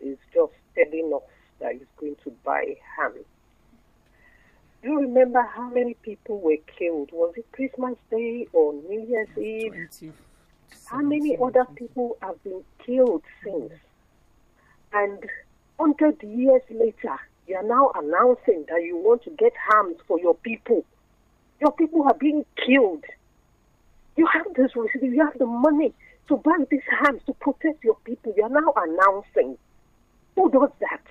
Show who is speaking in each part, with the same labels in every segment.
Speaker 1: is just telling us that he's going to buy ham. Do you remember how many people were killed? Was it Christmas Day or New Year's Eve? how many other people have been killed since? And 100 years later, you are now announcing that you want to get hams for your people. Your people are being killed. You have this, you have the money to bind these hands to protect your people, you are now announcing. Who does that?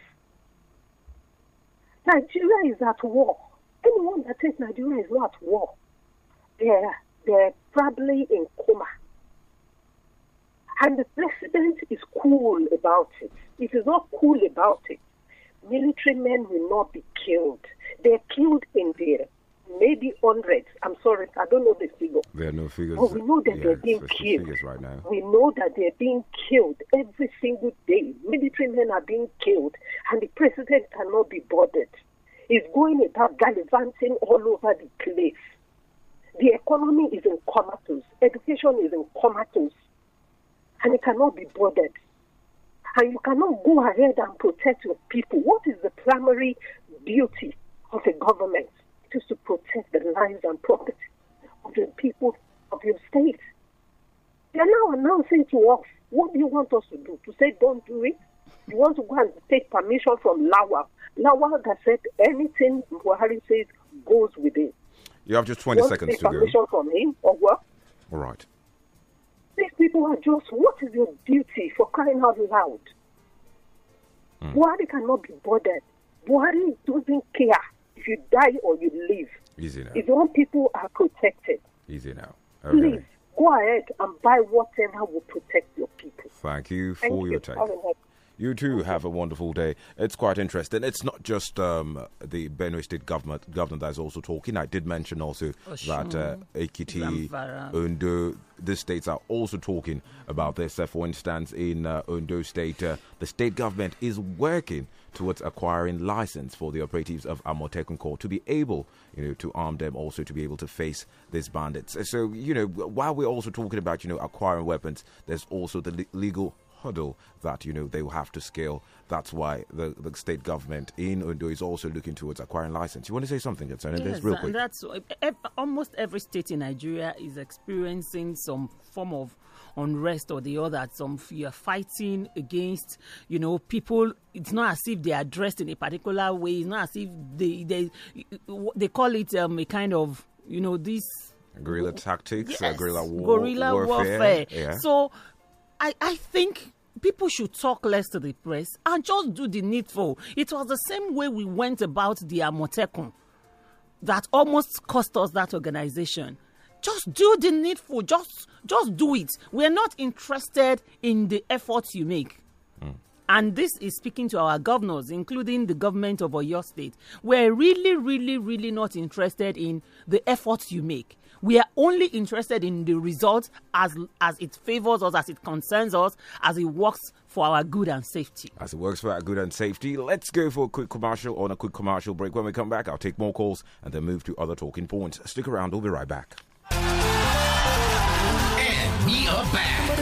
Speaker 1: Nigeria is at war. Anyone that says Nigeria is not at war, they're, they're probably in coma. And the president is cool about it. It is not cool about it. Military men will not be killed. They're killed in their maybe 100s I'm sorry, I don't know the figure.
Speaker 2: There are no figures. But
Speaker 1: we know that yeah, they're being killed. Right now. We know that they're being killed every single day. Military men are being killed, and the president cannot be bothered. He's going about gallivanting all over the place. The economy is in comatose, education is in comatose, and it cannot be bothered. And you cannot go ahead and protect your people. What is the primary duty of a government? to protect the lives and property of the people of your state. They are now announcing to us what do you want us to do? To say don't do it? You want to go and take permission from Lawa. Lawa has said anything Buhari says goes with it.
Speaker 2: You have just 20 you seconds to, take to permission go.
Speaker 1: from him or what? All right. These people are just, what is your duty for crying out loud? Mm. Buhari cannot be bothered. Buhari doesn't care if you die or you live. Easy now. His own people are protected. Easy now. Okay. Please go ahead and buy whatever will protect your people.
Speaker 2: Thank you for Thank your time. You too have a wonderful day. It's quite interesting. It's not just um, the Benue State government governor that's also talking. I did mention also Oshun, that uh, Ekiti, Undo, the states are also talking about this. Uh, for instance, in uh, Undo State, uh, the state government is working towards acquiring license for the operatives of Amotekun Corps to be able, you know, to arm them also to be able to face these bandits. So, you know, while we're also talking about, you know, acquiring weapons, there's also the le- legal hurdle that you know they will have to scale. That's why the, the state government in Ondo is also looking towards acquiring license. You want to say something concerning yes, this, real quick?
Speaker 3: That's almost every state in Nigeria is experiencing some form of unrest or the other. Some fear fighting against, you know, people. It's not as if they are dressed in a particular way. It's not as if they they they call it um, a kind of you know this
Speaker 2: guerrilla tactics, uh, yes, uh, guerrilla, war, guerrilla warfare. warfare. Yeah.
Speaker 3: So, I I think people should talk less to the press and just do the needful. It was the same way we went about the Amotekun that almost cost us that organization. Just do the needful. Just just do it. We're not interested in the efforts you make. Hmm. And this is speaking to our governors, including the government of Oyo State. We're really, really, really not interested in the efforts you make. We are only interested in the results as as it favors us, as it concerns us, as it works for our good and safety.
Speaker 2: As it works for our good and safety, let's go for a quick commercial on a quick commercial break. When we come back, I'll take more calls and then move to other talking points. Stick around, we'll be right back.
Speaker 4: We are back.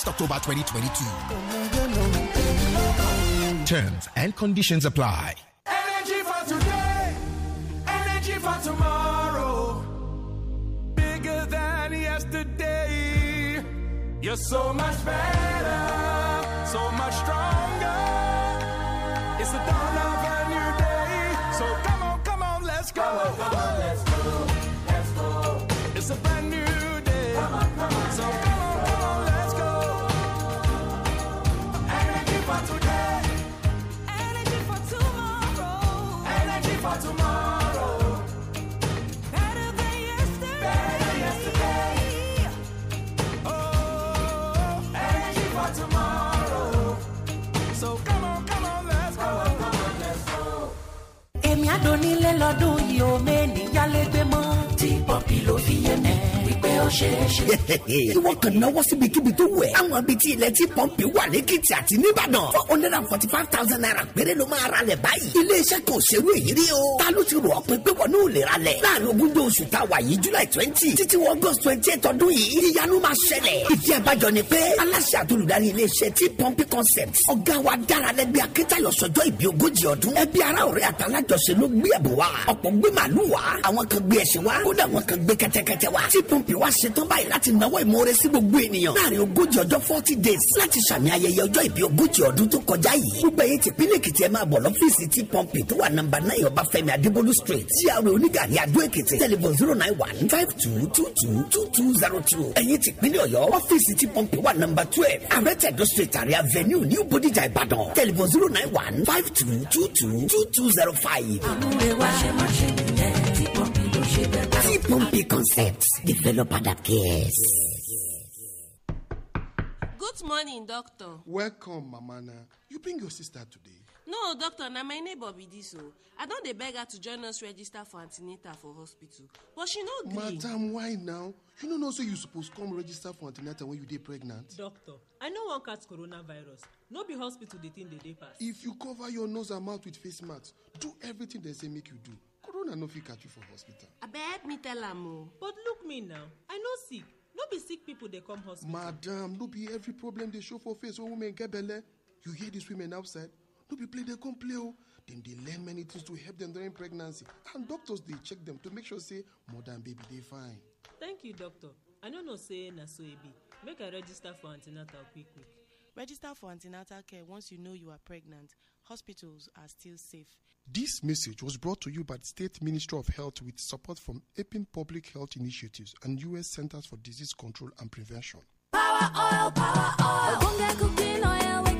Speaker 5: 1st October 2022. Terms and conditions apply.
Speaker 6: Energy for today, energy for tomorrow. Bigger than yesterday. You're so much better, so much stronger. It's the dawn of a new day. So come on, come on, let's go.
Speaker 4: donílé lọ́dún yìí ó mẹ́ni yálégbé mọ́. tí pọ́ǹpì ló fi yé mi ó ṣeé ṣe. ìwọ kàn náwó síbikíbi tó wẹ̀. àwọn ibi tí ilẹ̀ tí pọ́ǹpì wà lẹ́kìtì àti nìbàdàn. four hundred and forty five thousand naira péré ló máa ralẹ̀ báyìí. iléeṣẹ́ kan ò ṣerú èyí rí o. ta ló ti rò ọ́ pé pé wọ́n náà lè ralẹ̀. láàrin ogúnjọ́ oṣù tá wà yìí july twenty títí wọ august twenty eight ọdún yìí ìyanu máa ṣẹlẹ̀. ìdí abájọ ni pé aláṣẹ àtolùdarí iléeṣẹ́ tí pọ́ǹpì concept ọ̀gá wa dára lẹ́gbẹ́ akíntayọ̀ sọjọ́ ìbí ogójì ọdún. ẹbí ara ọ̀rẹ́ àtàlájọṣe ló gbé ẹ̀bùn wa ọ̀pọ̀ gbé màlúù wa àwọn kan gbé ẹṣin wa kódà àwọn kan gbé kẹ́tẹ́kẹ́tẹ́ wa tí pọ́ǹpì ṣetán báyìí láti náwó ìmoore sí gbogbo ènìyàn láàrin ogójì ọjọ́ forty days láti ṣàmì ayẹyẹ ọjọ́ ìbí ogójì ọdún tó kọjá yìí gbogbo ẹ̀yin tìpínlẹ̀ èkìtì ẹ máa bọ̀ lọ́fíìsì tí pọ́ǹpì tó wà nọ́mbà nine ọbáfẹ́mi adébólú street gr onígàrí adó èkìtì tẹlifon zero nine one five two two two two two zero two ẹ̀yin tìpínlẹ̀ ọ̀yọ́ ọ́fíìsì tí pọ́ǹpì wà nọ́mbà twelve arẹ́tẹ̀dọ́ street àrí avenue new bodijà ìbàdàn tẹlifon zero nine one five two two two two two zero five. àwọn ẹ̀wà ṣe máa
Speaker 7: ṣe nìyẹn. T-Pumpy Concepts, developer that cares.
Speaker 8: Good morning, doctor. Welcome, Mamana. You bring your sister today.
Speaker 9: no doctor Now my neighbor be oh. I don't dey beg her to join us register for antenatal
Speaker 3: for hospital
Speaker 8: but she no gree madam why now you don't know so you suppose come register for antenatal when you dey pregnant
Speaker 3: doctor i know one catch coronavirus no be hospital the thing they dey pass
Speaker 8: if you cover your nose and mouth with face mask do everything they say make you do corona no fit catch you
Speaker 3: for hospital abeg me tell am o but look me now i no sick no be sick people dey come hospital
Speaker 8: madam no be every problem dey show for face when women get belle you hear these women outside no be play dey come play o dem dey learn many things to help dem during pregnancy and doctors dey check dem to make sure say mother and baby dey fine
Speaker 3: thank you doctor i no know say na so e be make i register for an ten atal quick quick register for an ten atal care once you know you are pregnant hospitals are still safe.
Speaker 8: This message was brought to you by the State Ministry of Health with support from APIN Public Health Initiatives and U.S. Centers for Disease Control and Prevention. Power oil,
Speaker 10: power oil.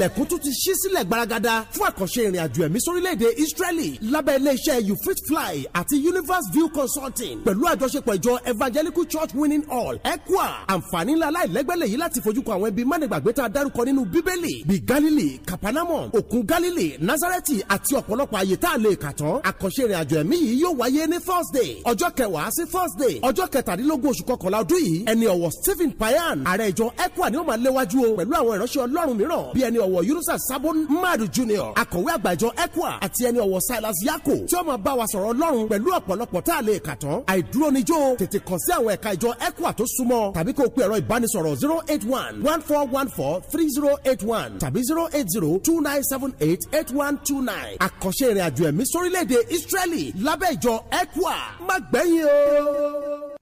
Speaker 4: ilẹ̀kùn tún ti ṣí sílẹ̀ gbaragada fún
Speaker 11: àkànṣe ìrìn àjò ẹ̀mí sórílẹ̀-èdè Israeli lábẹ́ iléeṣẹ́ you fit fly àti universe view consulting pẹ̀lú àjọṣepọ̀ ìjọ evangelical church winning all ECWA àǹfààní ńlá aláìlẹ́gbẹ́lẹ̀ yìí láti fojúkọ àwọn ibi mánigbàgbé tá a dárúkọ nínú bíbélì bíi Galilee Capernaum òkun Galilee Nazareti àti ọ̀pọ̀lọpọ̀ àyè tá a lè kà tán àkànṣe ìrìn àjò ẹ̀mí yìí yóò wáyé ní Thursday ọjọ́ kẹwàá sí Thursday ọjọ́ kẹtàdínlógún oṣù kọkànlá ọdún yìí ẹni ọ̀wọ̀ Stephen Payan ààrẹ ìjọ ECWA ni ó máa léwájú o pẹ̀lú àwọn ìránṣẹ́ ọlọ́run mìíràn bíi ẹni ọ̀w ọ̀wọ̀ yunusa sabon madu junior akọ̀wé àgbàjọ ecua àti ẹni ọ̀wọ̀ silas yako tí ó máa bá wa sọ̀rọ̀ ọlọ́run pẹ̀lú ọ̀pọ̀lọpọ̀ tá a lè kà tán àìdúró níjó tètè kàn sí àwọn ẹ̀ka ìjọ ecua tó súnmọ́ tàbí kó o pe ẹ̀rọ ìbánisọ̀rọ̀ zero eight one one four one four three zero eight one tàbí zero eight zero two nine seven eight eight one two nine àkànṣe ìrìnàjò ẹ̀mí sórílẹ̀-èdè israeli lábẹ́ ìjọ ecua má gbẹ̀yìn o.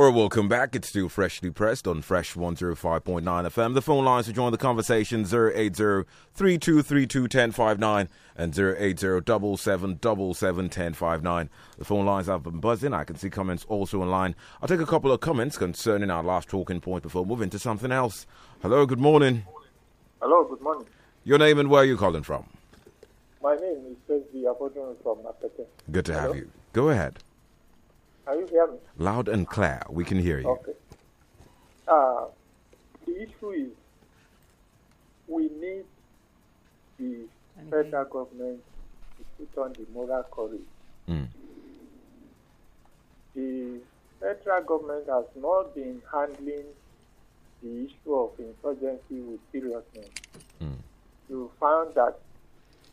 Speaker 2: All right, welcome back. It's still freshly pressed on Fresh 105.9 FM. The phone lines to join the conversation 080 3232 1059 and 080 1059. The phone lines have been buzzing. I can see comments also online. I'll take a couple of comments concerning our last talking point before moving to something else. Hello, good morning.
Speaker 12: Hello, good morning.
Speaker 2: Your name and where are you calling from?
Speaker 12: My name is Fesby from Apete. Good to have Hello. you. Go ahead. Can you hear me?
Speaker 2: Loud and clear. We can hear you.
Speaker 12: Okay. Uh, the issue is we need the okay. federal government to put on the moral courage. Mm. The federal government has not been handling the issue of insurgency with seriousness. Mm. You found that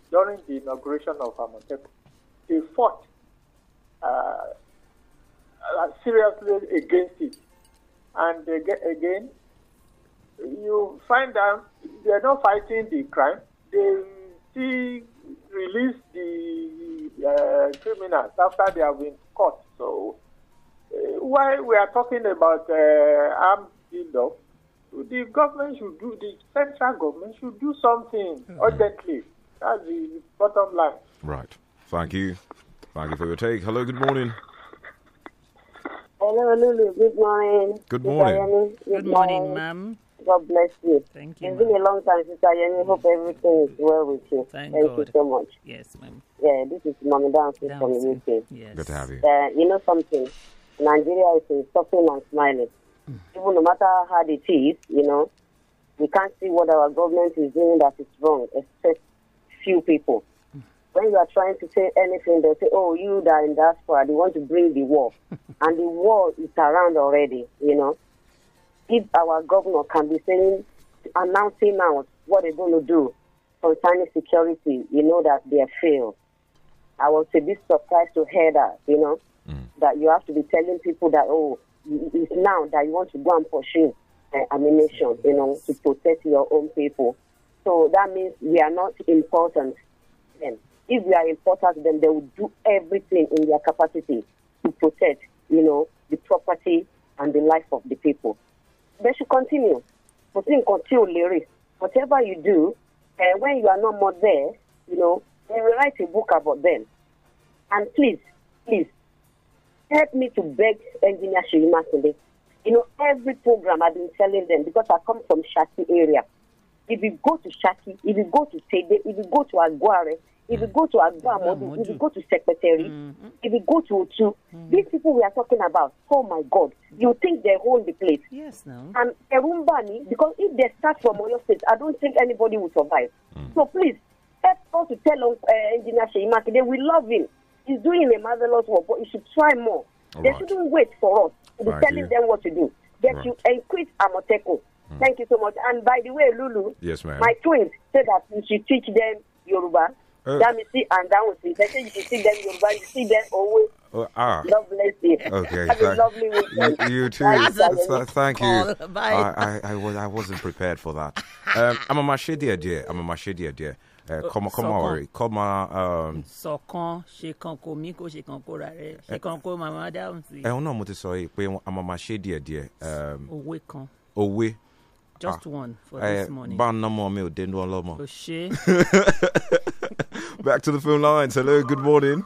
Speaker 12: during the inauguration of Amoteco, they fought uh, uh, seriously against it. And again, you find them they're not fighting the crime.
Speaker 7: They
Speaker 12: release the uh, criminals after they have been caught. So, uh, while we are talking about uh, armed build-up, the government should do, the central government should do something mm-hmm. urgently. That's the bottom line.
Speaker 2: Right. Thank you. Thank you for your take. Hello, good morning.
Speaker 13: Hello, Lulu. Good morning. Good morning.
Speaker 3: Good, Good morning, ma'am.
Speaker 13: God bless you. Thank you. It's ma'am. been a long time, Sister Yeni. Hope everything is well with you. Thank, Thank God. you so much. Yes, ma'am. Yeah, this is Mama Dancy from the UK.
Speaker 3: Yes. Good to have
Speaker 13: you. Uh, you know something? Nigeria is suffering and smiling. Mm. Even no matter how hard it is, you know, we can't see what our government is doing that is wrong, except few people when you are trying to say anything, they say, "Oh, you that in spot." they want to bring the war," and the war is around already. You know, if our governor can be saying, announcing out what they're going to do concerning security, you know that they have failed. I was a bit surprised to hear that. You know, mm. that you have to be telling people that, "Oh, it's now that you want to go and pursue." Uh, ammunition, you know, to protect your own people. So that means we are not important then if they are important, then they will do everything in their capacity to protect, you know, the property and the life of the people. They should continue. Continue, continue, Whatever you do, and eh, when you are no more there, you know, you will write a book about them. And please, please, help me to beg Engineer Shirima You know, every program I've been telling them, because I come from Shaki area. If you go to Shaki, if you go to Tede, if you go to Aguare, if you go to Agbamodu, if you go to Secretary, mm-hmm. Mm. if you go to Otu, mm-hmm. these people we are talking about, oh my God, mm. you think they hold the place. Yes, no. And Erumbani, mm. because if they start from Oyo State, I don't think anybody will survive. Mm. So please, help us to tell uh, Engineer Sheimaki, they will love him. He's doing a marvelous work, but he should try more. All they right. shouldn't wait for us to be right. telling them what to do. That right. you increase Amoteko. Mm. Thank you so much. And by the way, Lulu, yes, ma'am. my twins say that you should teach them Yoruba Uh, that we see and down with it. Yoruba, you see them always. Oh, ah. lovely bless Okay. Have a lovely weekend. You, you too. Th- thank
Speaker 2: you. Bye. I, I, I, was, I wasn't prepared for that. Um, I'm a Mashedia dear. I'm a Mashedia dear. kọmọ kọmọ ọrẹ kọmọ.
Speaker 3: sọkan ṣe kan ko mi ko ṣe kan ko ra rẹ ṣe eh, kan ko mama dáhùn sí. ẹ̀hún
Speaker 2: náà mo ti sọ yìí pé a máa máa ṣe díẹ̀ díẹ̀. òwe kan. òwe. just ah. one for eh, this morning. bá a nọ́mọ mi ò dénú ọlọ́mọ. kò ṣe
Speaker 3: é.
Speaker 2: Back to the phone lines. Hello, good morning.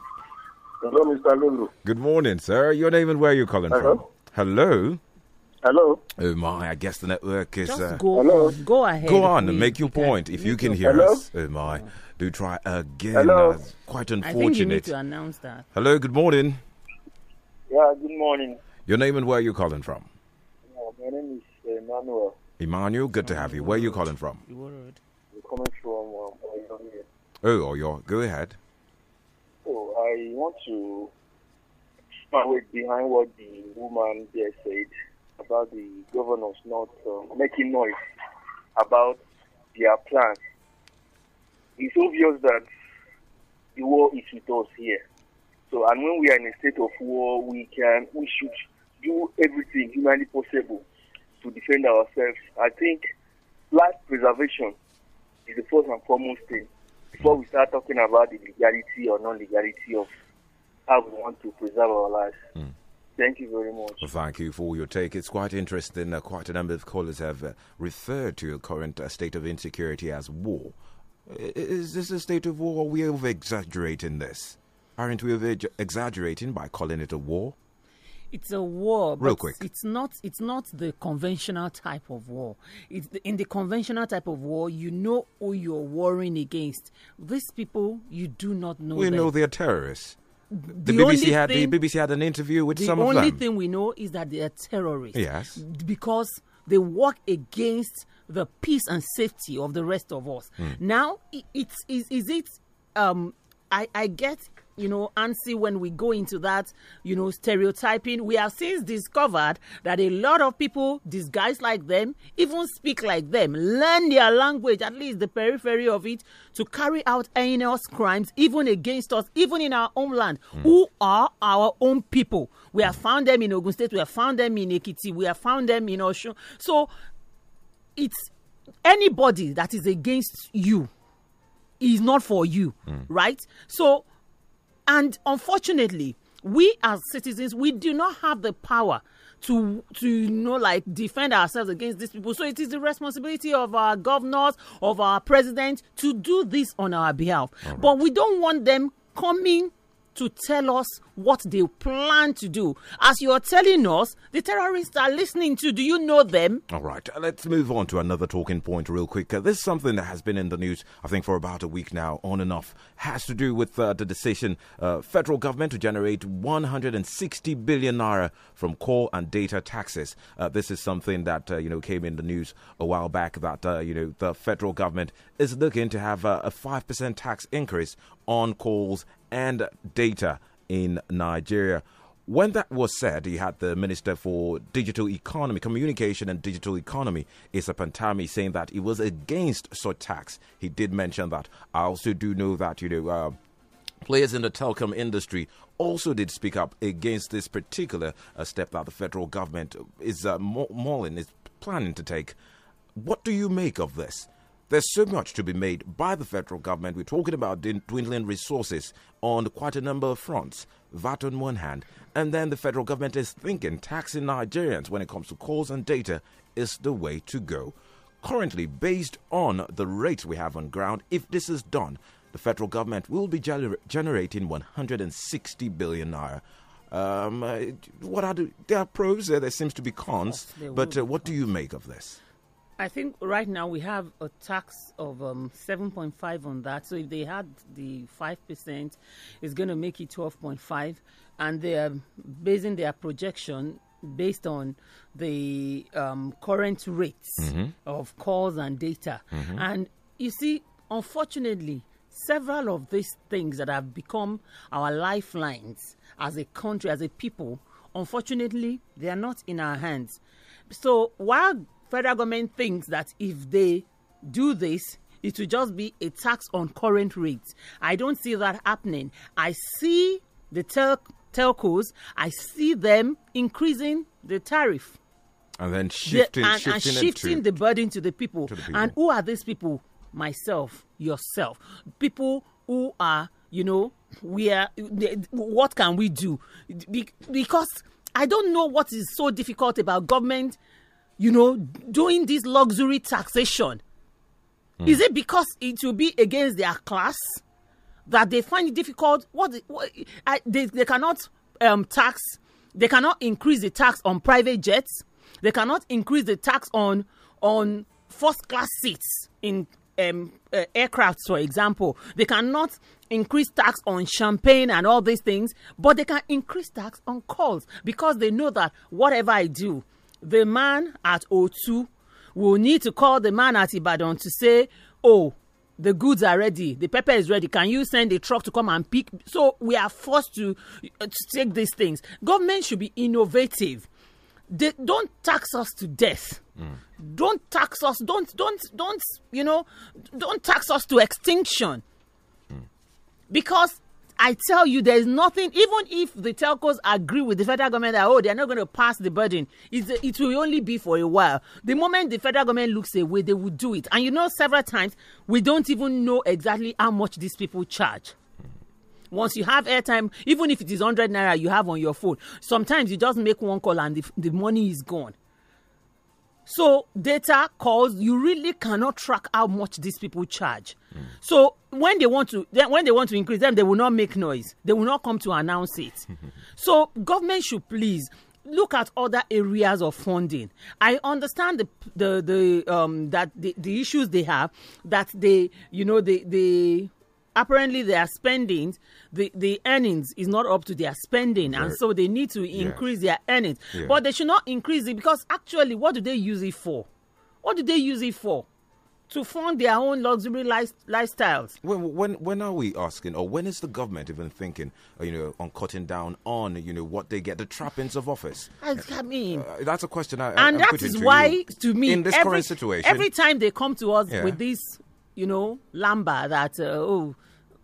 Speaker 2: Hello, Mr. Lulu. Good morning, sir. Your name and where are you calling Hello? from? Hello. Hello. Oh my! I guess the network is. Just uh, go Hello?
Speaker 3: on. Go ahead. Go on make
Speaker 2: your point if you can hear Hello? us. Oh my! Do try again. Hello. quite unfortunate. I think you need to
Speaker 3: announce that.
Speaker 2: Hello. Good morning.
Speaker 12: Yeah. Good morning.
Speaker 2: Your name and where are you calling from?
Speaker 12: Yeah, my name is Emmanuel.
Speaker 2: Emmanuel, good to have you. Where are you calling from?
Speaker 12: You're coming from
Speaker 2: Oh, Oyo, go ahead.
Speaker 12: Oh, I want to
Speaker 14: elaborate behind what the woman there said about the governors not uh, making noise about their plans. It's obvious that the war is with us here. So, and when we are in a state of war, we can, we should do everything humanly possible to defend ourselves. I think life preservation is the first and foremost thing before we start talking about the legality or non-legality of how we want to preserve our lives. Mm. Thank you very much.
Speaker 2: Well, thank you for your take. It's quite interesting. Uh, quite a number of callers have uh, referred to the current uh, state of insecurity as war. Is this a state of war? are we over exaggerating this? Aren't we over exaggerating by calling it a war?
Speaker 3: it's a war. Real quick. It's not. It's not the conventional type of war. It's the, in the conventional type of war, you know who you're warring against. These people, you do not know. We them. know they're
Speaker 2: terrorists. The, the BBC had thing, the BBC had an interview with some of them. The only thing
Speaker 3: we know is that they are terrorists. Yes. Because they work against the peace and safety of the rest of us. Mm. Now, it's is, is it? Um, I I get you know, antsy when we go into that, you know, stereotyping. We have since discovered that a lot of people disguise like them, even speak like them, learn their language, at least the periphery of it, to carry out heinous crimes, even against us, even in our homeland, mm. who are our own people. We have found them in Ogun State, we have found them in Ekiti, we have found them in Oshun. So it's anybody that is against you is not for you, mm. right? So and unfortunately, we as citizens, we do not have the power to to you know like defend ourselves against these people. So it is the responsibility of our governors, of our president to do this on our behalf. Right. But we don't want them coming to tell us what they plan to do. As you're telling us, the terrorists are listening to. Do you know them?
Speaker 2: All right, let's move on to another talking point real quick. Uh, this is something that has been in the news, I think, for about a week now, on and off. Has to do with uh, the decision, uh, federal government to generate 160 billion naira from call and data taxes. Uh, this is something that uh, you know came in the news a while back. That uh, you know the federal government is looking to have a five percent tax increase on calls and data in Nigeria. When that was said, he had the Minister for Digital Economy, Communication and Digital Economy, Issa Pantami, saying that he was against such tax. He did mention that. I also do know that, you know, uh, players in the telecom industry also did speak up against this particular uh, step that the federal government is uh, mulling, is planning to take. What do you make of this? There's so much to be made by the federal government. We're talking about dwindling resources on quite a number of fronts. VAT on one hand, and then the federal government is thinking taxing Nigerians when it comes to calls and data is the way to go. Currently, based on the rates we have on ground, if this is done, the federal government will be gener- generating 160 billion naira. Um, uh, what are the, there are pros, there seems to be cons, yes, but uh, what do you make of this?
Speaker 3: I think right now we have a tax of um, 7.5 on that. So if they had the 5%, it's going to make it 12.5. And they are basing their projection based on the um, current rates mm-hmm. of calls and data. Mm-hmm. And you see, unfortunately, several of these things that have become our lifelines as a country, as a people, unfortunately, they are not in our hands. So while federal government thinks that if they do this, it will just be a tax on current rates. I don't see that happening. I see the tel- telcos, I see them increasing the tariff.
Speaker 2: And then shifting, the, and, shifting, and shifting to, the
Speaker 3: burden to the, people. to the people. And who are these people? Myself, yourself. People who are, you know, we are, what can we do? Because I don't know what is so difficult about government you know, doing this luxury taxation? Mm. Is it because it will be against their class that they find it difficult? What, what I, they, they cannot um, tax, they cannot increase the tax on private jets, they cannot increase the tax on on first class seats in um, uh, aircrafts, for example. They cannot increase tax on champagne and all these things, but they can increase tax on calls because they know that whatever I do, the man at O2 will need to call the man at Ibadan to say, oh, the goods are ready the pepper is ready can you send a truck to come and pick so we are forced to, uh, to take these things government should be innovative they, don't tax us to death mm. don't tax us don't don't don't you know don't tax us to extinction mm. because I tell you, there is nothing, even if the telcos agree with the federal government that, oh, they're not going to pass the burden, it will only be for a while. The moment the federal government looks away, they will do it. And you know, several times, we don't even know exactly how much these people charge. Once you have airtime, even if it is 100 naira you have on your phone, sometimes you just make one call and the, the money is gone. So data calls, you really cannot track how much these people charge. Mm. So when they want to they, when they want to increase them, they will not make noise. They will not come to announce it. so government should please look at other areas of funding. I understand the the, the um that the, the issues they have that they you know they they apparently their spending the, the earnings is not up to their spending right. and so they need to increase yes. their earnings yeah. but they should not increase it because actually what do they use it for what do they use it for to fund their own luxury life, lifestyles.
Speaker 2: When, when, when are we asking, or when is the government even thinking, uh, you know, on cutting down on, you know, what they get, the trappings of office? I, I mean, uh, that's a question I. And I'm that is to why, you. to me, in this every, current situation, every
Speaker 3: time they come to us yeah. with this you know, lamba that, uh, oh,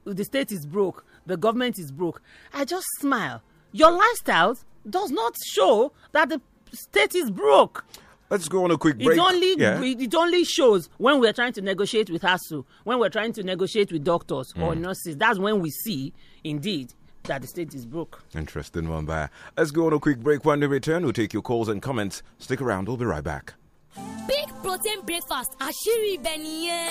Speaker 3: the state is broke, the government is broke. I just smile. Your lifestyle does not show that the state is broke. Let's go on a quick break. It only, yeah. it only shows when we're trying to negotiate with ASU, when we're trying to negotiate with doctors mm. or nurses. That's when we see, indeed, that the state is broke.
Speaker 2: Interesting one there. Let's go on a quick break. When we return, we'll take your calls and comments. Stick around, we'll be right back.
Speaker 10: big protein breakfast àṣírí ibẹ̀ nìyẹn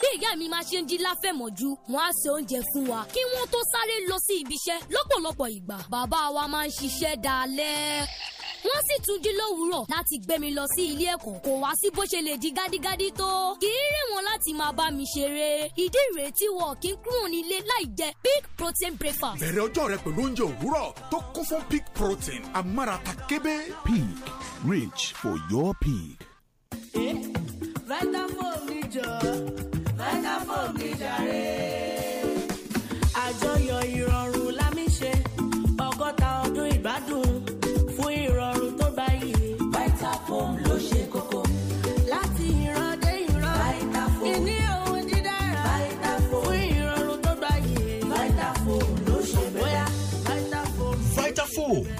Speaker 10: bí ìyá mi máa ṣe ń jí láfẹ̀mọ́jú wọ́n á ṣe oúnjẹ fún wa kí wọ́n tó sáré lọ sí ibiṣẹ́ lọ́pọ̀lọpọ̀ ìgbà bàbá wa máa ń ṣiṣẹ́ dalẹ́ wọ́n sì tún jí lówùúrọ̀ láti gbé mi lọ sí ilé ẹ̀kọ́ kò wá sí bó ṣe lè di gádígádí tó kì í rìn wọn láti máa bá mi ṣeré ìdí ìrètí wọn kì í kúrò nílé láì jẹ big protein breakfast. bẹ̀rẹ̀
Speaker 11: ọjọ́ rẹ pẹ̀lú oúnjẹ òwúrọ̀ tó kún fún big protein amárata kébé. pig rich for your pig.
Speaker 4: Eh, vitafoam níjọ vitafoam níjàre.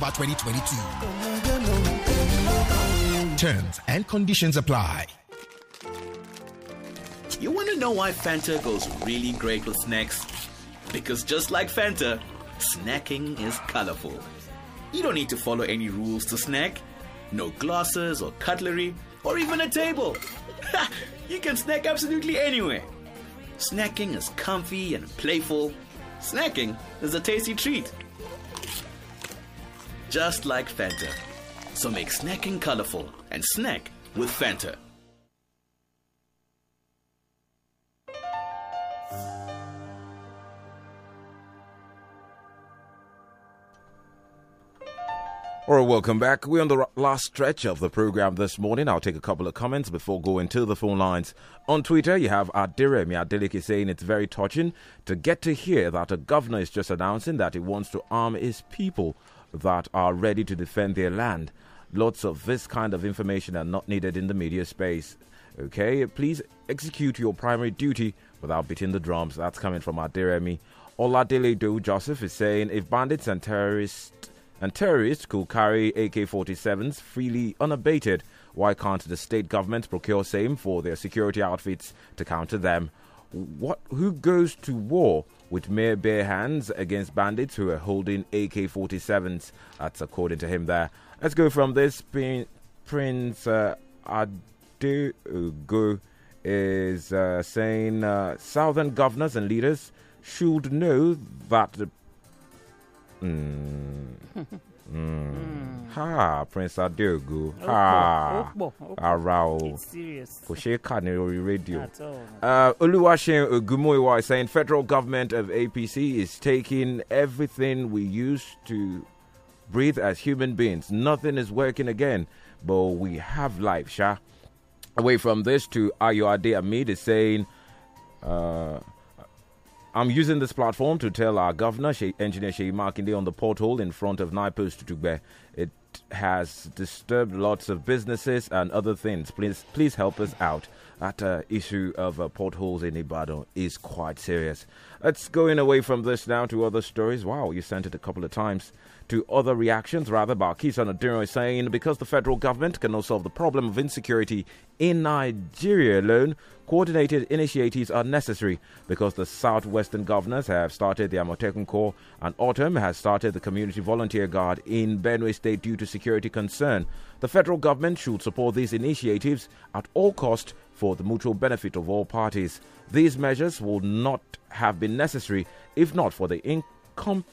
Speaker 5: October 2022. Terms and conditions apply. You want to know why Fanta goes really great with snacks? Because just like Fanta, snacking is colorful. You don't need to follow any rules to snack. No glasses or cutlery or even a table. you can snack absolutely anywhere. Snacking is comfy and playful. Snacking is a tasty treat just like Fanta. So make snacking colorful and snack with Fanta.
Speaker 2: All right, welcome back. We're on the last stretch of the program this morning. I'll take a couple of comments before going to the phone lines. On Twitter, you have Adiremi Adeleke saying it's very touching to get to hear that a governor is just announcing that he wants to arm his people that are ready to defend their land. Lots of this kind of information are not needed in the media space. Okay, please execute your primary duty without beating the drums. That's coming from our dear Emmy. Oladele Do Joseph is saying if bandits and terrorists and terrorists could carry AK-47s freely unabated, why can't the state government procure same for their security outfits to counter them? What who goes to war with mere bare hands against bandits who are holding AK 47s. That's according to him there. Let's go from this. Prince uh, is uh, saying uh, Southern governors and leaders should know that the. Mm. Mm. ha Prince Adeogo ha ara o kò ṣeé kà ní orí rédíò. Uh, Oluwaseun Ogunmoyiwa is saying federal government of APC is taking everything we used to breathe as human beings. Nothing is working again, but we have life, sha. Away from this to Ayoade Amid is saying. Uh, I'm using this platform to tell our governor, she, Engineer Sheyi Makinde, on the porthole in front of Naipos Tutugbe. It has disturbed lots of businesses and other things. Please, please help us out. That uh, issue of uh, potholes in Ibadan is quite serious. Let's going away from this now to other stories. Wow, you sent it a couple of times to other reactions. Rather, Barkisa Nadiro is saying because the federal government cannot solve the problem of insecurity in Nigeria alone, coordinated initiatives are necessary because the southwestern governors have started the Amotekun Corps and Autumn has started the Community Volunteer Guard in Benue State due to security concern. The federal government should support these initiatives at all costs for the mutual benefit of all parties. These measures would not have been necessary if not for the incom-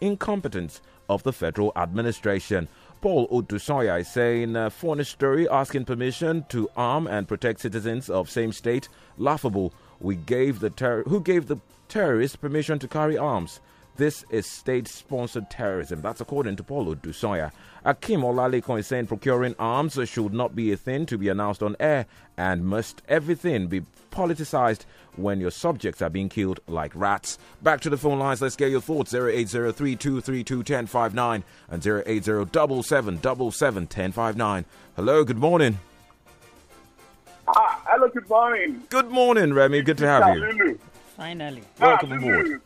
Speaker 2: incompetence of the federal administration. Paul Odusoya is saying a uh, foreign story asking permission to arm and protect citizens of same state laughable. We gave the ter- who gave the terrorists permission to carry arms. This is state sponsored terrorism. That's according to Paulo Dusoya. Akim Olalekan is saying procuring arms should not be a thing to be announced on air and must everything be politicized when your subjects are being killed like rats. Back to the phone lines. Let's get your thoughts. 08032321059 and 08077771059. Hello, good morning.
Speaker 6: Ah, hello, good
Speaker 14: morning.
Speaker 2: Good morning, Remy. Good to have
Speaker 14: you. Finally.
Speaker 15: Welcome ah, aboard.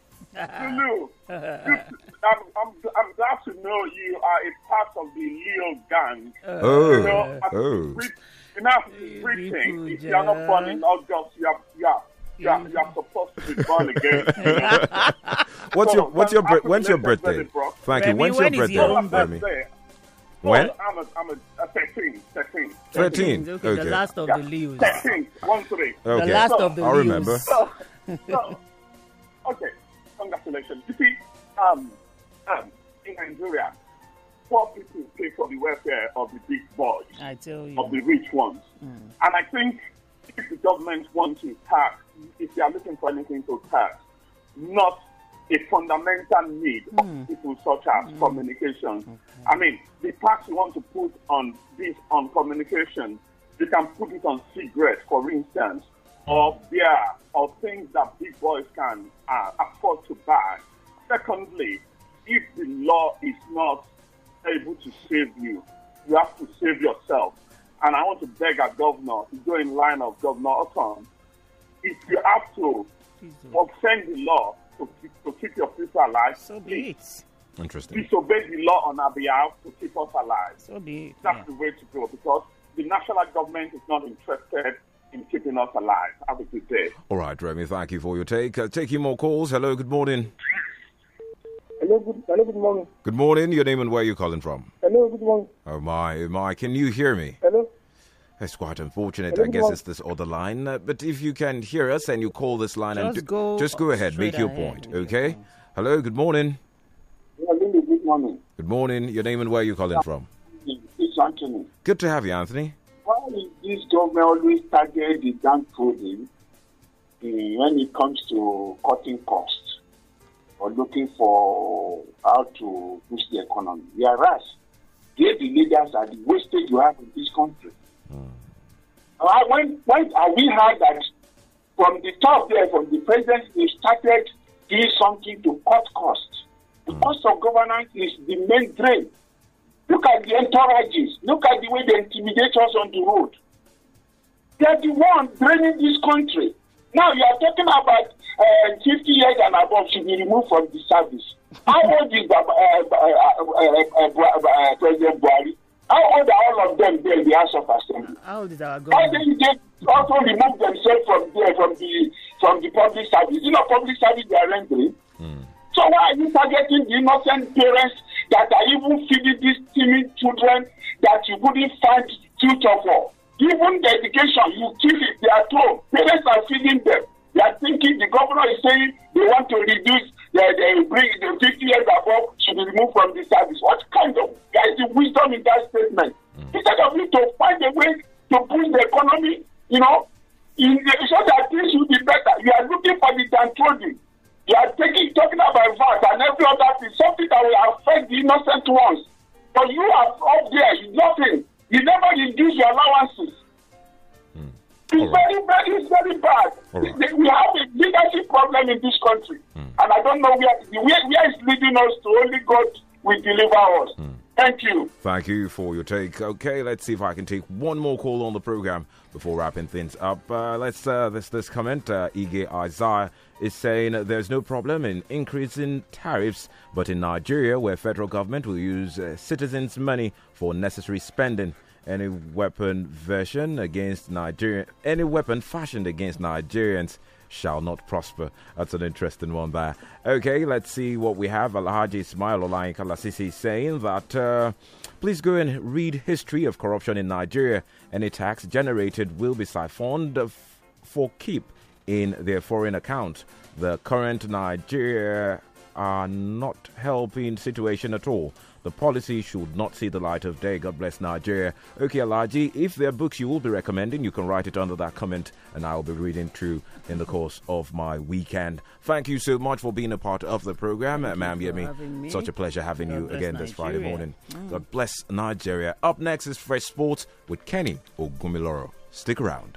Speaker 14: I'm, I'm, I'm, glad to know you are a part of the Leo gang. Uh, oh, you know, oh. Free, you know, If you're not born in August, you are, you are, you are, you are mm-hmm. supposed to be born again. what's so, your what's your when's your birthday, Frankie? When's your birthday, Femi? When? I'm a, I'm a, a uh, 13, 13. 13.
Speaker 3: Okay, okay, the last of yeah. the Leos.
Speaker 14: 13, one, three. Okay. The last so, of the Leos. I remember. So, okay, Congratulations. You see, um, um, in Nigeria, poor people pay for the welfare of the big boys,
Speaker 3: of the rich ones. Mm.
Speaker 14: And I think if the government wants to tax, if they are looking for anything to tax, not a fundamental need mm. of people such as mm. communication. Okay. I mean, the tax you want to put on this on communication, you can put it on cigarettes, for instance of beer, of things that big boys can uh, afford to buy. Secondly, if the law is not able to save you, you have to save yourself. And I want to beg our governor to go in line of Governor Oton. If you have to offend the law to, to keep your people alive, so be it. Interesting. Disobey the law on our behalf to keep us alive. So be it. That's yeah. the way to go because the national government is not interested in keeping us alive. Have a good day.
Speaker 2: All right, Remy, thank you for your take. Uh, taking more calls. Hello, good morning.
Speaker 12: Hello good, hello, good morning.
Speaker 2: Good morning. Your name and where are you calling from?
Speaker 12: Hello, good morning.
Speaker 2: Oh, my, oh my. Can you hear me? Hello. It's quite unfortunate. Hello, I guess it's this other line. Uh, but if you can hear us and you call this line, just, and go, just go ahead, make your point, okay? hello, good morning. Hello, good morning. Good morning. Your name and where are you calling yeah. from?
Speaker 15: It's Anthony.
Speaker 2: Good to have you, Anthony
Speaker 15: this government always target the young people. when it comes to cutting costs or looking for how to boost the economy. rash. they, the leaders, are the wastage you have in this country. Mm. Uh, when, when are we heard that from the top there, from the president, they started doing something to cut costs. The mm. cost of governance is the main drain. Look at the entourages. Look at the way they intimidate us on the road. They're the one running this country. Now you are talking about uh, 50 years and above should be removed from the service. How old is uh, uh, uh, President Buhari? How old are all of them there in the House of Assembly? How old is our government? Why did they also remove themselves from there, from the from the public service? You know, public service they are rendering. Mm. So why are you targeting the innocent parents that are even feeding these timid children that you wouldn't find future for? Even the education, you give it, they are told. Parents are feeding them. They are thinking the governor is saying they want to reduce the, the bring the 50 years above should be removed from the service. What kind of there is the wisdom in that statement? Mm. Instead of you to find a way to boost the economy, you know, in the, so that things will be better. You are looking for the downtrodden. You are taking talking about VAT and every other thing, something that will affect the innocent ones. But you are up there, nothing. You never reduce your allowances. Mm. It's right. very, very, it's very bad. Right. We have a leadership problem in this country, mm. and I don't know where, where where is leading us to. Only God will deliver us. Mm. Thank you.
Speaker 2: Thank you for your take. Okay, let's see if I can take one more call on the program before wrapping things up. Uh, let's uh, this this comment, uh, Ige Isaiah is saying there's no problem in increasing tariffs, but in Nigeria, where federal government will use uh, citizens' money for necessary spending, any weapon version against Nigeria, any weapon fashioned against Nigerians shall not prosper. That's an interesting one there. Okay, let's see what we have. Alhaji Ismail Olayin Kalasisi saying that uh, please go and read history of corruption in Nigeria. Any tax generated will be siphoned for keep in their foreign accounts. The current Nigeria are not helping situation at all. The policy should not see the light of day. God bless Nigeria. Okay, Alaji, if there are books you will be recommending, you can write it under that comment and I'll be reading through in the course of my weekend. Thank you so much for being a part of the program, Ma'am Yemi. Such a pleasure having God you again Nigeria. this Friday morning. Mm. God bless Nigeria. Up next is Fresh Sports with Kenny Ogumiloro. Stick around.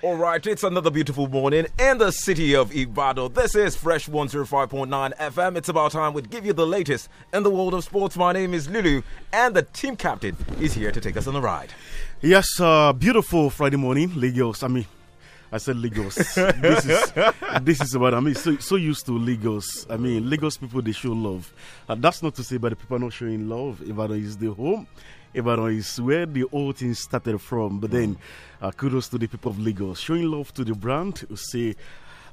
Speaker 2: All right, it's another beautiful morning in the city of Ibadan. This is Fresh 105.9 FM. It's about time we give you the latest in the world of sports. My name is Lulu, and the team captain is here to take us on the ride.
Speaker 11: Yes, uh, beautiful Friday morning, Lagos. I mean, I said Lagos. this is this is what I mean. So so used to Lagos. I mean, Lagos people they show love. Uh, that's not to say, but the people are not showing love. Ibadan is the home Ibadan is where the whole thing started from. But then, uh, kudos to the people of Lagos, showing love to the brand. Who say,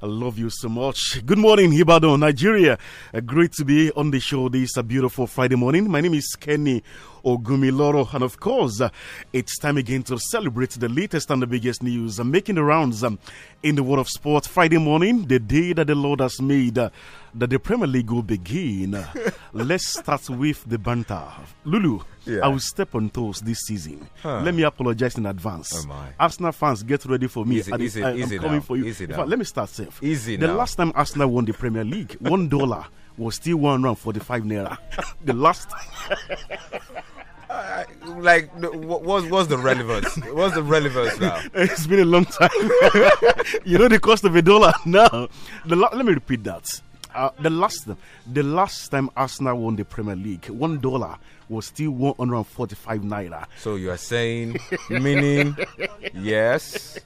Speaker 11: I love you so much. Good morning, Ibadan, Nigeria. Uh, great to be on the show this a uh, beautiful Friday morning. My name is Kenny Ogumiloro. And of course, uh, it's time again to celebrate the latest and the biggest news uh, making the rounds um, in the world of sport. Friday morning, the day that the Lord has made, uh, that the Premier League will begin. Let's start with the banter. Lulu, yeah. I will step on toes this season. Huh. Let me apologize in advance. Oh Arsenal fans, get ready for me. Easy, I, easy, I, am coming for you. Easy fact, now. let me start safe. Easy the now. last time Arsenal won the Premier League, one dollar was still one round five naira. the last
Speaker 7: time.
Speaker 11: like, what, what's, what's the relevance? What's the relevance now? It's been a long time. you know the cost of a dollar now. The let me repeat that. Uh, the last the last time Arsenal won the Premier League, one dollar was still 145 naira. So you are saying, meaning,
Speaker 2: yes,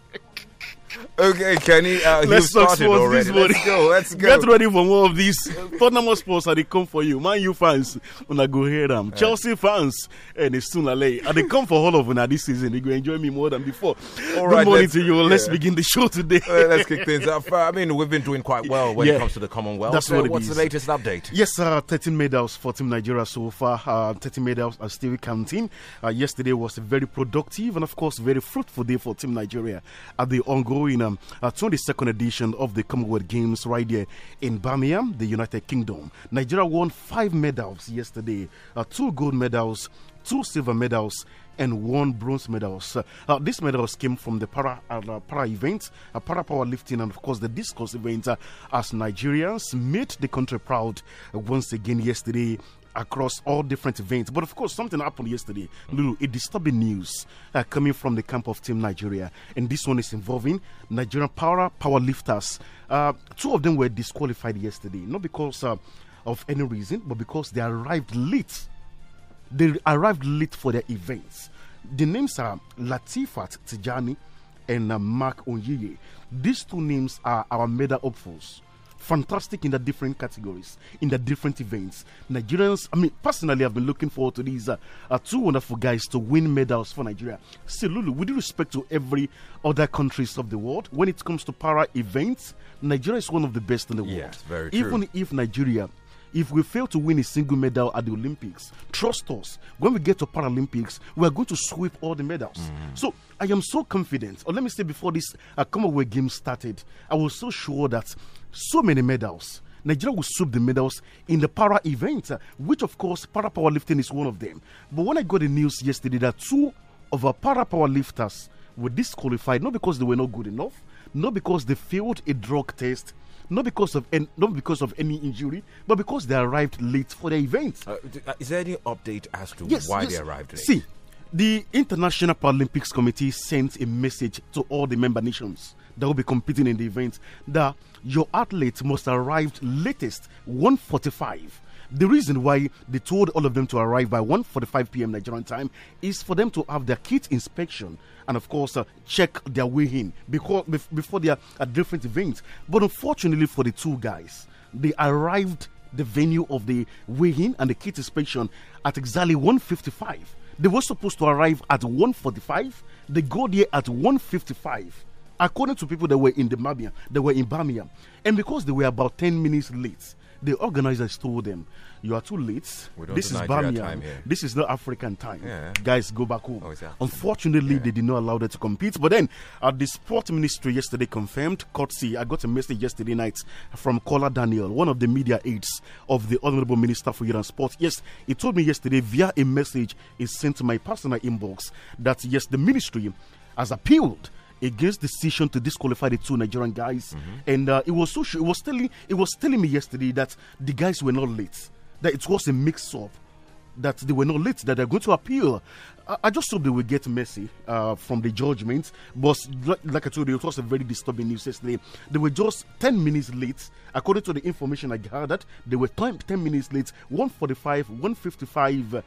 Speaker 11: Okay, Kenny, uh, let's talk sports already. this morning. Let's go, let's go. Get ready for more of these. Tottenham Sports, are they come for you. Man, you fans, when I go hear them. Chelsea fans, and eh, it's soon late. And they come for all of Now this season. They go enjoy me more than before. All right, Good morning to you. Yeah. Let's begin the show today. let's kick things off. Uh, I mean, we've been doing quite well
Speaker 2: when yeah. it comes to the Commonwealth. That's so uh, what it what's is. the latest update?
Speaker 11: Yes, uh, 13 medals for Team Nigeria so far. Uh, 13 medals are still counting. Uh, yesterday was a very productive and, of course, very fruitful day for Team Nigeria at the ongoing ongoing um, uh, 22nd edition of the Commonwealth Games right here in Birmingham, the United Kingdom. Nigeria won five medals yesterday uh, two gold medals, two silver medals, and won bronze medals. Uh, these medals came from the para uh, para events, uh, para powerlifting, and of course the discus event. Uh, as Nigerians made the country proud once again yesterday across all different events. But of course, something happened yesterday. Lulu, a disturbing news uh, coming from the camp of Team Nigeria, and this one is involving Nigerian power powerlifters. Uh, two of them were disqualified yesterday, not because uh, of any reason, but because they arrived late. They arrived late for their events. The names are Latifat Tijani and uh, Mark Onyeye. These two names are our medal hopefuls fantastic in the different categories, in the different events. Nigerians, I mean, personally, I've been looking forward to these uh, uh, two wonderful guys to win medals for Nigeria. Silulu, with respect to every other countries of the world, when it comes to para events, Nigeria is one of the best in the world. Yes, very Even if Nigeria if we fail to win a single medal at the Olympics, trust us, when we get to Paralympics, we are going to sweep all the medals. Mm. So I am so confident, or let me say before this uh, Commonwealth Games started, I was so sure that so many medals. Nigeria will sweep the medals in the para event, uh, which of course para powerlifting is one of them. But when I got the news yesterday that two of our para powerlifters were disqualified, not because they were not good enough, not because they failed a drug test, not because of any, not because of any injury, but because they arrived late for the event. Uh, uh, is there any
Speaker 2: update as to yes, why yes. they arrived late? See,
Speaker 11: the International Paralympics Committee sent a message to all the member nations that will be competing in the event that your athletes must arrive latest 145 the reason why they told all of them to arrive by 1:45 p.m. Nigerian time is for them to have their kit inspection and, of course, uh, check their way in because before their uh, different events. But unfortunately for the two guys, they arrived the venue of the weigh-in and the kit inspection at exactly 1:55. They were supposed to arrive at 1:45. They got there at 1:55 according to people that were in the Mabia, they were in Bamia, And because they were about 10 minutes late, the organizers told them, "You are too late. This is Bamiyan. This is not African time. Yeah. Guys, go back home." Oh, Unfortunately, yeah. they did not allow them to compete. But then, uh, the sport ministry yesterday confirmed. Courtesy, I got a message yesterday night from Kola Daniel, one of the media aides of the Honourable Minister for Youth and Sport. Yes, he told me yesterday via a message is sent to my personal inbox that yes, the ministry has appealed against decision to disqualify the two Nigerian guys. Mm -hmm. And uh, it was so It was telling it was telling me yesterday that the guys were not late. That it was a mix-up. That they were not late. That they're going to appeal. I, I just hope they will get mercy uh, from the judgment. But like, like I told you, it was a very disturbing news yesterday. They were just 10 minutes late. According to the information I gathered, they were 10, 10 minutes late, 145, 155.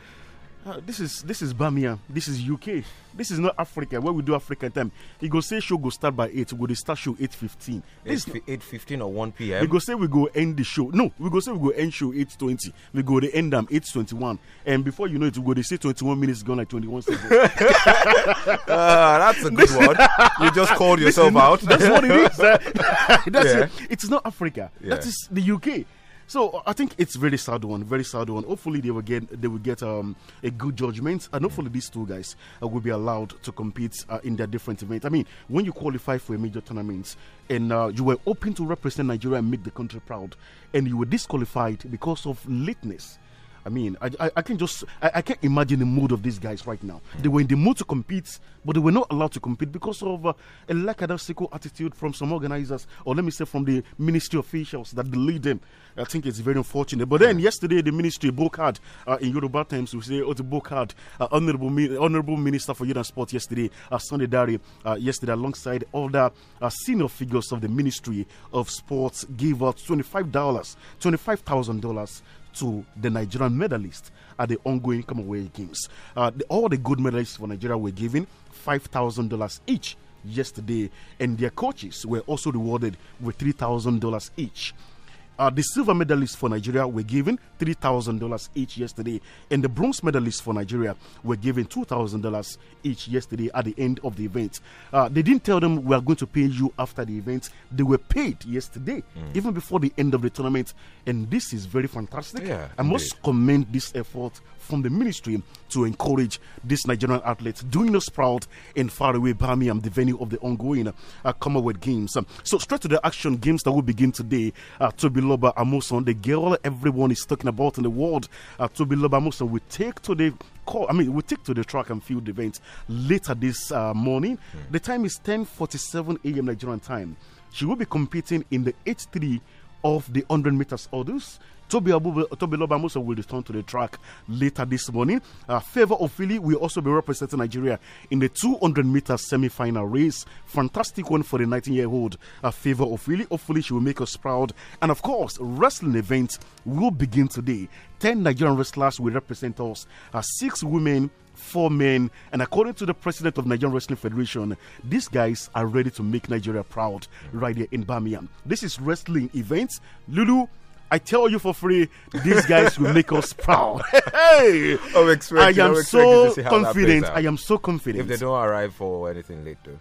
Speaker 11: Uh, this is this is Birmingham. This is UK. This is not Africa where we do African time. He go say show go start by eight. We go start show eight fifteen. This eight fifteen or one p.m. We go say we go end the show. No, we go say we go end show eight twenty. We go the end them eight twenty one. And before you know it, we go they say twenty one minutes gone like twenty one seconds. uh, that's a good one. You just called yourself out. That's what it is. Uh, that's yeah. it. It's not Africa. Yeah. That is the UK. So I think it's very sad one, very sad one. Hopefully they will get they will get um, a good judgment, and hopefully these two guys uh, will be allowed to compete uh, in their different events. I mean, when you qualify for a major tournament and uh, you were hoping to represent Nigeria and make the country proud, and you were disqualified because of lateness I mean, I, I, I can just I, I, can't imagine the mood of these guys right now. They were in the mood to compete, but they were not allowed to compete because of uh, a lackadaisical attitude from some organizers, or let me say, from the ministry officials that lead them. I think it's very unfortunate. But then yesterday, the ministry broke hard uh, in Yoruba times. We say, "Oh, the broke hard." Uh, honorable, honorable minister for youth and sport yesterday, uh, Sunday Dari, uh, yesterday, alongside all uh, senior figures of the ministry of sports, gave out twenty-five dollars, twenty-five thousand dollars to the Nigerian medalists at the ongoing Commonwealth Games. Uh, the, all the good medalists for Nigeria were given $5,000 each yesterday, and their coaches were also rewarded with $3,000 each. Uh, the silver medalists for Nigeria were given $3,000 each yesterday, and the bronze medalists for Nigeria were given $2,000 each yesterday at the end of the event. Uh, they didn't tell them we are going to pay you after the event. They were paid yesterday, mm. even before the end of the tournament, and this is very fantastic. Yeah, I indeed. must commend this effort from the ministry to encourage these Nigerian athletes doing the sprout in faraway Birmingham, the venue of the ongoing uh, Commonwealth Games. Um, so, straight to the action games that will begin today. Uh, Toby Loba Amuson, the girl everyone is talking about in the world, uh, Toby Loba will take to the call. I mean, we take to the track and field event later this uh, morning. Mm. The time is 10:47 a.m. Nigerian time. She will be competing in the H3 of the 100 meters hurdles. Toby, Abubu, Toby Lobamoso will return to the track later this morning. Uh, Favor of Philly will also be representing Nigeria in the 200 meter semi final race. Fantastic one for the 19 year old uh, Favor of Philly. Hopefully, she will make us proud. And of course, wrestling events will begin today. 10 Nigerian wrestlers will represent us. Uh, six women four men. And according to the president of Nigerian Wrestling Federation, these guys are ready to make Nigeria proud right here in Birmingham. This is wrestling events. Lulu, I tell you for free, these guys will make us proud. hey,
Speaker 2: I'm I am so confident. I am so confident. If they don't arrive for anything later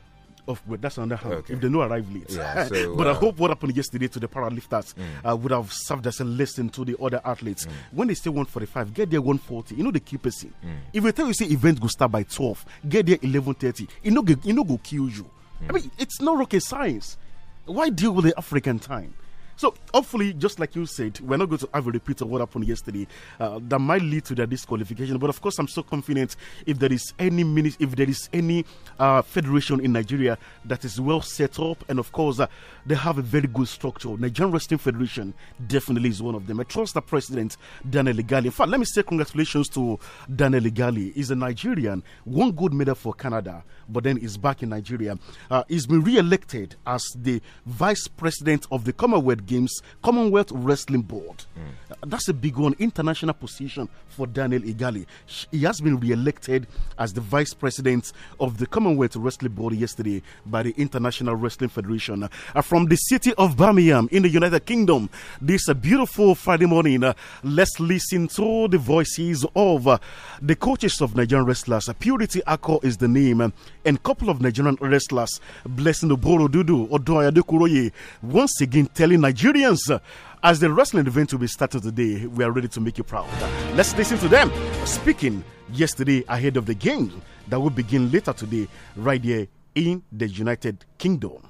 Speaker 11: of well, that's another hand okay. if they no arrive late. Yeah, so, but uh, I hope what happened yesterday to the paralifters mm. uh, would have served as a lesson to the other athletes. Mm. When they say 145, get there 140. You know the key person. Mm. If they tell you say event go start by 12, get there 11:30. You know, you know go kill you. I mm. mean, it's not rocket science. Why deal with the African time? So hopefully, just like you said, we're not going to have a repeat of what happened yesterday. Uh, that might lead to their disqualification. But of course, I'm so confident if there is any minute, if there is any uh, federation in Nigeria that is well set up, and of course, uh, they have a very good structure. Nigerian Wrestling Federation definitely is one of them. I trust the president Daniel Igali. In fact, let me say congratulations to Daniel Igali. He's a Nigerian, one gold medal for Canada, but then he's back in Nigeria. Uh, he's been re-elected as the vice president of the Commonwealth. Games Commonwealth Wrestling Board. Mm. That's a big one, international position for Daniel Igali. He has been re-elected as the vice president of the Commonwealth Wrestling Board yesterday by the International Wrestling Federation. Uh, from the city of Birmingham in the United Kingdom, this uh, beautiful Friday morning, uh, let's listen to the voices of uh, the coaches of Nigerian wrestlers. Uh, Purity Akko is the name, uh, and couple of Nigerian wrestlers, Blessing Oboro Dudu, Odoya Dekuroye, once again telling Nigerian Nigerians as the wrestling event will be started today. We are ready to make you proud. Let's listen to them speaking yesterday ahead of the game that will begin later today, right here in the United Kingdom.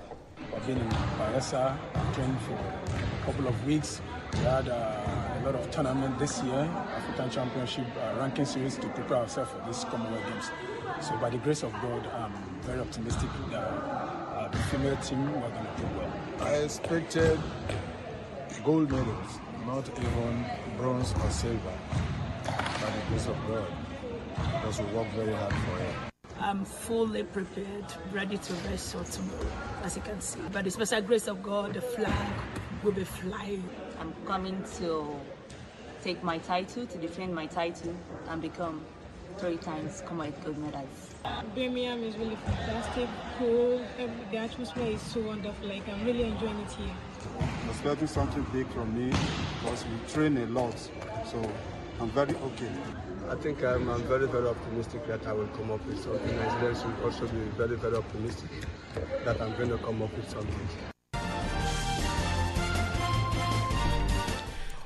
Speaker 8: I've been in Paris trained for a couple of weeks. We had uh, a lot of tournament this year, African Championship uh, ranking series to prepare ourselves for these Commonwealth Games. So by the grace of God, I'm very optimistic that uh, the female team are going to do well. I expected gold medals, not even bronze or silver, by the
Speaker 12: grace of God, because we worked very hard for it.
Speaker 3: I'm fully prepared, ready to wrestle tomorrow, as you can see. By the special grace of God, the flag will be flying. I'm coming to take my title, to defend my title, and become three times Commonwealth gold medalist. Birmingham is really fantastic, cool. the atmosphere is so wonderful. Like I'm really enjoying it here.
Speaker 12: Expecting something big from me because we train a lot, so I'm very okay. I think I'm, I'm, very, very optimistic that I will come up with something. I should also be very, very optimistic that I'm going to come up with something.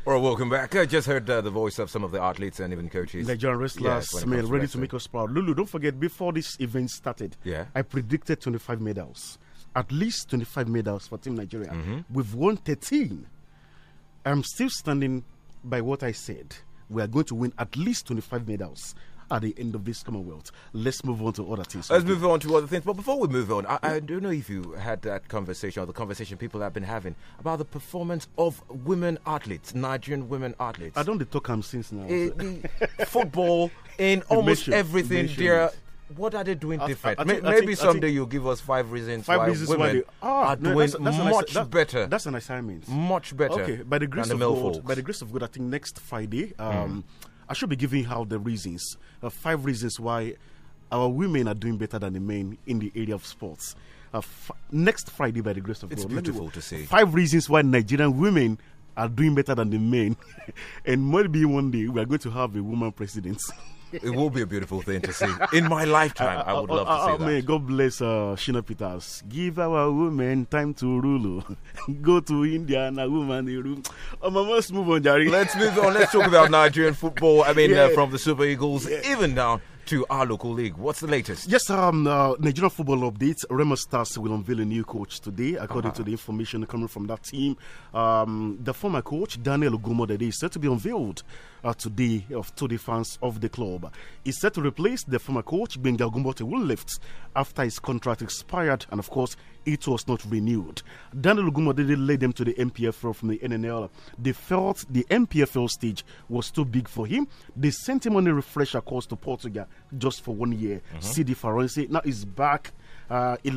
Speaker 2: All right, welcome back. I just heard uh, the voice of some of the athletes and even
Speaker 11: coaches. Like John Wrestler, ready to, to make us proud. Lulu, don't forget, before this event started, yeah. I predicted 25 medals. At least 25 medals for Team Nigeria. Mm -hmm. We've won 13. I'm still standing by what I said. We are going to win at least 25 medals at the end of this Commonwealth. Let's move on to other things. Let's
Speaker 2: move on to other things. But before we move on, I, I don't know if you had that conversation or the conversation people have been having about the performance
Speaker 11: of women athletes, Nigerian women athletes. I don't talk I'm since now.
Speaker 2: Eh, football in almost everything, what are they doing different? I, I, think, Maybe think, someday
Speaker 11: you'll give us five reasons five why reasons women why they, ah, are no, doing that's, that's much that, better. That's an assignment. Much better. Okay, by the grace the of God, folks. by the grace of God, I think next Friday, hmm. um, mm. I should be giving out the reasons, uh, five reasons why our women are doing better than the men in the area of sports. Uh, next Friday, by the grace of it's God, beautiful to say. Five reasons why Nigerian women are doing better than the men, and maybe one day we are going to have a woman president.
Speaker 2: it will be a beautiful thing to see in my lifetime. I would love to see ah, ah, ah, that. May
Speaker 11: God bless uh, Sheena Peters. Give our women time to rule. Go to India and a woman rule. Oh, mama, must move on, Jerry. Let's move on. Let's talk about Nigerian
Speaker 2: football. I mean, uh, yeah. uh, from
Speaker 11: the Super Eagles, yeah. even down to our local league. What's the latest? Yes, um, uh, Nigerian football updates. Remo Stars will unveil a new coach today, according uh -huh. to uh-huh. the information coming from that team. Um, the former coach, Daniel Ogumodede, is said to be unveiled uh, today of, to the fans of the club. He's set to replace the former coach, Benga Ogumbote, who left after his contract expired, and of course, it was not renewed. Daniel Lugumo didn't them to the MPFL from the NNL. They felt the MPFL stage was too big for him. They sent him on a refresher course to Portugal just for one year. Mm -hmm. CD Farense now he's back. Uh, it,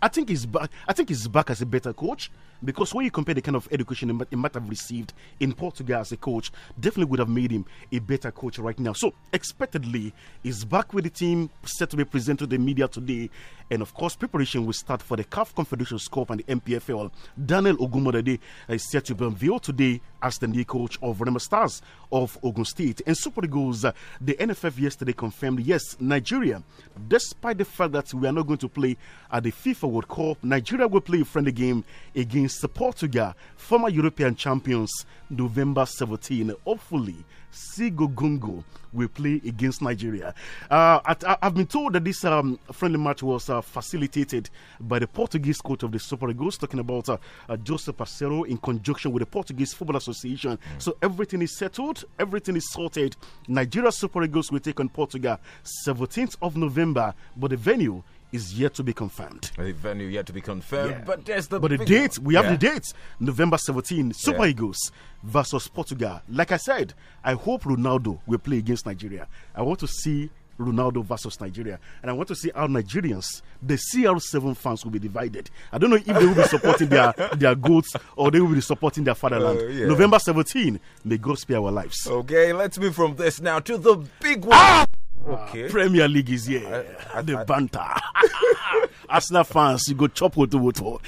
Speaker 11: I think he's back. I think he's back as a better coach. Because when you compare the kind of education he might have received in Portugal as a coach, definitely would have made him a better coach right now. So, expectedly, he's back with the team, set to be presented to the media today. And of course, preparation will start for the CAF Confederation Cup and the MPFL. Daniel Ogumodade is set to be unveiled today as the new coach of Remasters Stars of Ogun State. And Super Eagles, uh, the NFF yesterday confirmed yes, Nigeria, despite the fact that we are not going to play at the FIFA World Cup, Nigeria will play a friendly game against the Portugal, former European champions, November 17. Hopefully, Sigo Gungo will play against Nigeria. Uh, I, have been told that this um, friendly match was uh, facilitated by the Portuguese coach of the Super Eagles, talking about uh, uh, Joseph Acero in conjunction with the Portuguese Football Association. Mm. So everything is settled, everything is sorted. Nigeria Super Eagles will take on Portugal 17th of November, but the venue is yet to be confirmed.
Speaker 2: The venue yet to be confirmed, yeah. but there's the. But the date we have yeah. the
Speaker 11: date November 17, Super yeah. Eagles versus Portugal. Like I said, I hope Ronaldo will play against Nigeria. I want to see Ronaldo versus Nigeria. And I want to see how Nigerians, the CR7 fans, will be divided. I don't know if they will be supporting their, their goats or they will be supporting their fatherland. Uh, yeah. November 17, may God spare our lives.
Speaker 2: Okay, let's move from this now to the big ah! one. Ah!
Speaker 11: Okay. Premier League is here. I, I, the banter. Arsenal fans, you go chop with the